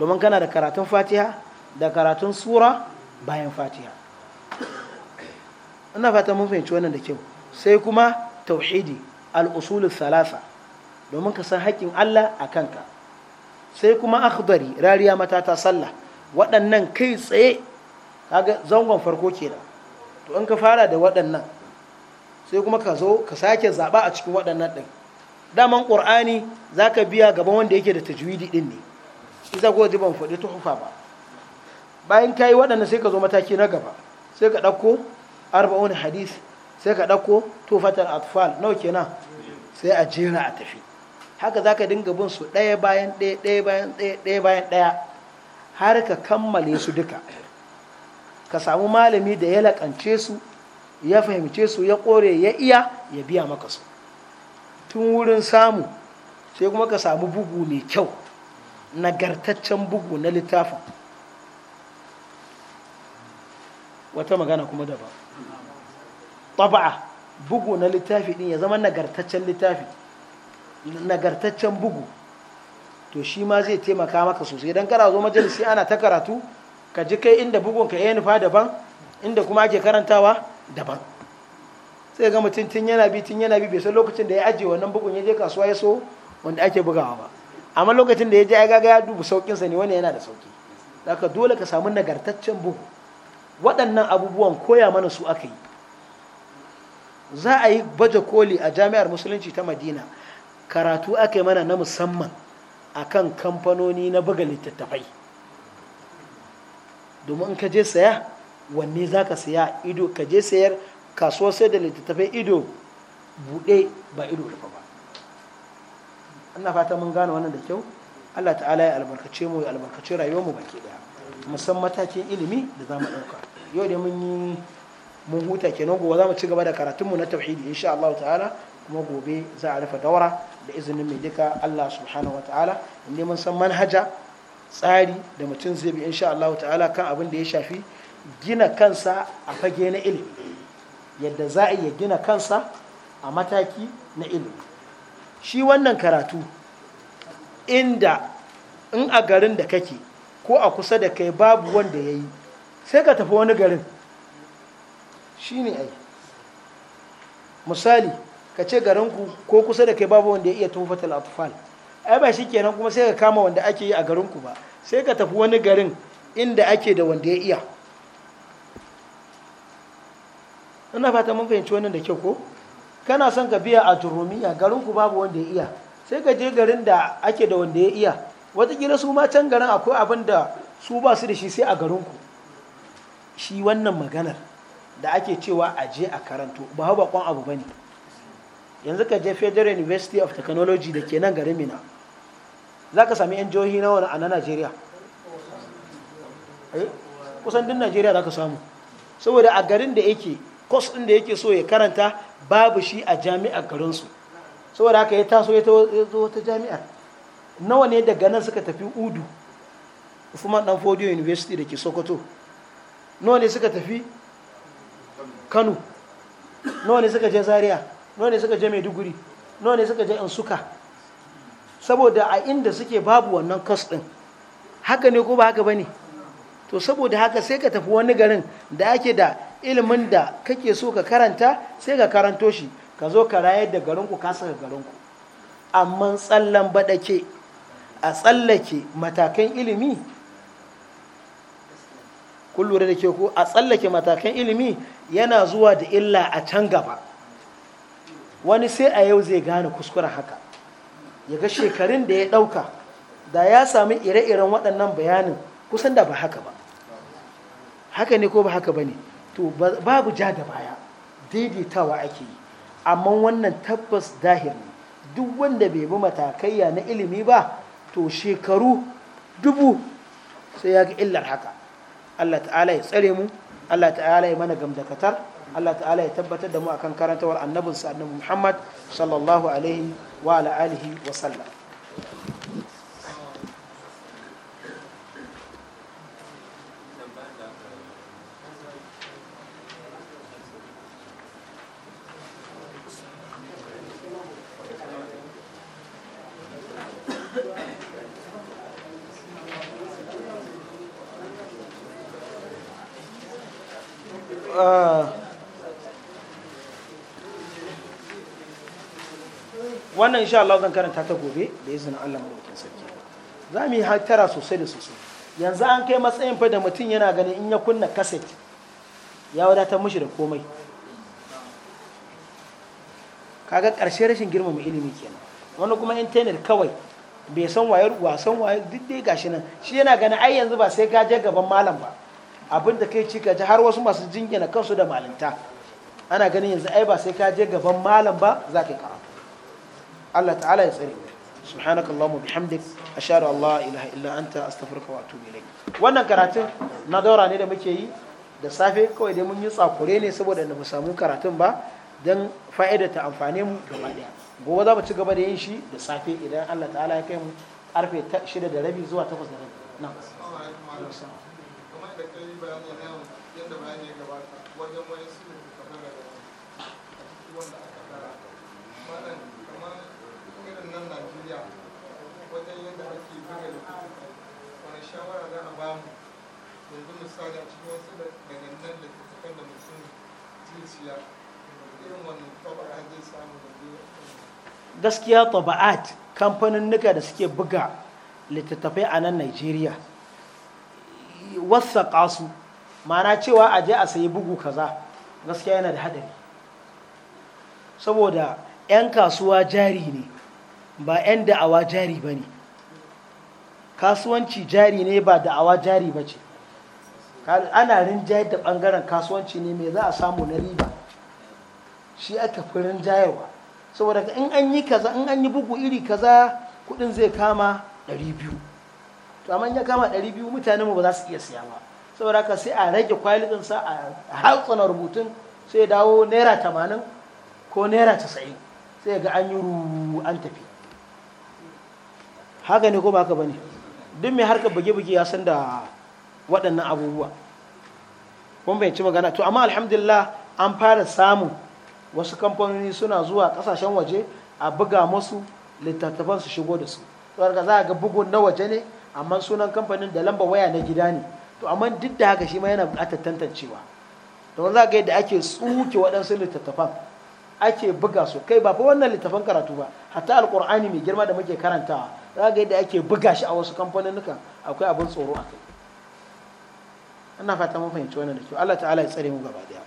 domin kana da karatun fatiha da karatun sura bayan fatiha ina fata mun fahimci wannan da kyau sai kuma tauhidi al usulun salasa domin ka san haƙƙin Allah a kanka sai kuma akhdari rariya mata ta sallah waɗannan kai tsaye kaga zangon farko kenan to in ka fara da waɗannan sai kuma ka zo ka sake zaɓa a cikin waɗannan ɗin daman ƙur'ani za ka biya gaban wanda yake da tajwidi ɗin ne isa ko ji ban faɗi tuhufa ba bayan ka yi waɗannan sai ka zo mataki na gaba sai ka ɗauko arba'un hadis sai ka ɗauko tufatar atfal nawa kenan sai a jera a tafi haka za ka dinga bin su ɗaya bayan ɗaya ɗaya bayan ɗaya ɗaya bayan ɗaya har ka kammale su duka ka samu malami da ya laƙance su ya fahimce su ya ƙore ya iya ya biya maka su tun wurin samu sai kuma ka samu bugu mai kyau nagartaccen bugu na littafin wata magana kuma daban taba'a bugu na littafi din ya zama nagartaccen littafi nagartaccen bugu to shi ma zai taimaka maka sosai idan kana zo majalisi ana ta karatu ka ji kai inda bugun ka ya nufa daban inda kuma ake karantawa daban sai ga mutum tun yana bi tun yana bi bai san lokacin da ya ajiye wannan bugun ya je kasuwa ya so wanda ake bugawa ba amma lokacin da ya je ya gaga ya dubu saukin sa ne wani yana da sauki haka dole ka samu nagartaccen bugu waɗannan abubuwan koya mana su aka yi za a yi baje koli a jami'ar musulunci ta madina karatu aka mana na musamman akan kamfanoni na buga littattafai domin in ka je saya wanne za ka saya ido ka je sayar kasuwa sai da littattafai ido buɗe ba ido rufe ba ina fata mun gane wannan da kyau allah ta'ala ya albarkace mu ya albarkace rayuwar mu baki daya musamman matakin ilimi da za mu ɗauka yau da mun yi mun huta kenan gobe za mu ci gaba da karatunmu na tauhidi insha allah ta'ala kuma gobe za a rufe daura da izinin mai duka Allah subhanahu ta'ala inda mun san manhaja tsari da mutum zai bi insha Allah ta'ala kan abin da ya shafi gina kansa a fage na ilimi yadda za a iya gina kansa a mataki na ilimi shi wannan karatu inda in a garin da kake ko a kusa da kai babu wanda yayi sai ka tafi wani garin shi ne ai misali ka ce garinku ko kusa da kai babu wanda ya iya tufatul atfal ai ba shi kenan kuma sai ka kama wanda ake yi a garinku ba sai ka tafi wani garin inda ake da wanda ya iya ina fata mun fahimci wannan da kyau ko kana son ka biya a turumiya garinku babu wanda ya iya sai ka je garin da ake da wanda ya iya watakila su ma can garin akwai abin da su ba su da shi sai a garinku shi wannan maganar da ake cewa a je a karanto ba hau kwan abu ba ne yanzu ka je federal university of technology da ke nan garin mina za ka sami yan jihohi na wani a na najeriya eh, kusan din najeriya za ka samu saboda a garin da yake kos ɗin da yake so ya karanta babu shi a jami'ar garinsu saboda haka ya taso ya zo wata jami'ar nawa ne daga nan suka tafi udu usman dan fodiyo university da ke sokoto nawa ne suka tafi kano nawa ne suka je Zariya. nawa ne suka je maiduguri nawa ne suka je in suka saboda a inda suke babu wannan kas din haka ne ko ba haka ba ne to saboda haka sai ka tafi wani garin da ake da ilimin da kake so ka karanta sai ka karanto shi ka zo ka rayar da garinku kasa saka garinku amma tsallan baɗake a tsallake matakan ilimi kun da ke ko a tsallake matakan ilimi yana zuwa da illa a can gaba wani sai a yau zai gane kuskuren haka ya ga shekarun da ya ɗauka da ya sami ire-iren waɗannan bayanin kusan da ba haka ba haka ne ko ba haka ba ne to babu ja da baya daidaitawa ake yi amma wannan tabbas dahir ne duk wanda bai bi matakaiya na ilimi ba to shekaru dubu sai ya ga illar haka Allah ta'ala ya tsare mu Allah ta'ala ya mana gamdakatar Allah ta'ala ya tabbatar da mu akan karantawar annabinsa annabi Muhammad sallallahu alaihi wa ala alihi wa sallam sha Allah zan karanta ta gobe da izinin Allah madaukakin sarki za mu yi sosai da sosai yanzu an kai matsayin fa da mutum yana gani in ya kunna kaset ya wadatar mishi da komai kaga ƙarshe rashin girmama ilimi kenan wani kuma intanet kawai bai san wayar wasan wayar duk dai gashi nan shi yana ganin ai yanzu ba sai ka je gaban malam ba abin da kai ci ka ji har wasu masu jingina kansu da malinta ana ganin yanzu ai ba sai ka je gaban malam ba za ka yi karatu Allah ta'ala ya tsare subhanak allahumma bihamdik ashhadu an la ilaha illa anta astaghfiruka wa atubu ilayk wannan karatun na daura ne da muke yi da safe kawai dai mun yi tsakure ne saboda da mu samu karatun ba dan fa'ida ta amfane mu gaba daya gobe za mu ci gaba da yin shi da safe idan Allah ta'ala ya kai mu karfe 6 da rabi zuwa 8 da rabi nan najeriya wajen yadda ake buga littattafai wani shawara za a ba mu yanzu misali a cikin wasu daga nan littattafan da mutum zai siya irin wannan taba'a zai samu da biyu gaskiya taba'at kamfanin nuka da suke buga littattafai a nan nigeria wasa kasu mana cewa a je a sayi bugu kaza gaskiya yana da hadari saboda 'yan kasuwa jari ne ba 'yan da'awa jari ba ne kasuwanci jari ne ba da'awa jari ba ce ana rinjayar da bangaren kasuwanci ne mai za a samu na riba shi aka fi rinjayarwa saboda in an yi kaza in an yi bugu iri kaza kudin zai kama 200 to amma ya kama 200 mutane mu ba za su iya siya ba saboda haka sai a rage kwalitin sa a hautsana rubutun sai dawo naira 80 ko naira 90 sai ga an yi ruru an tafi haka ne ko ba haka ne duk mai harkar buge-buge ya san da waɗannan abubuwa kuma bai ci magana to amma alhamdulillah an fara samun wasu kamfanoni suna zuwa kasashen waje a buga masu littattafan su shigo da su saboda za a ga bugun na waje ne amma sunan kamfanin da lamba waya na gida ne to amma duk da haka shi ma yana buƙatar tantancewa don za ga yadda ake tsuke waɗansu littattafan ake buga su kai ba fa wannan littafin karatu ba hatta alkur'ani mai girma da muke karantawa za ga yadda ake buga shi a wasu kamfanonukan akwai abin tsoro a kai ina fata mun fahimci wannan da kyau Allah ta'ala ya tsare mu gaba daya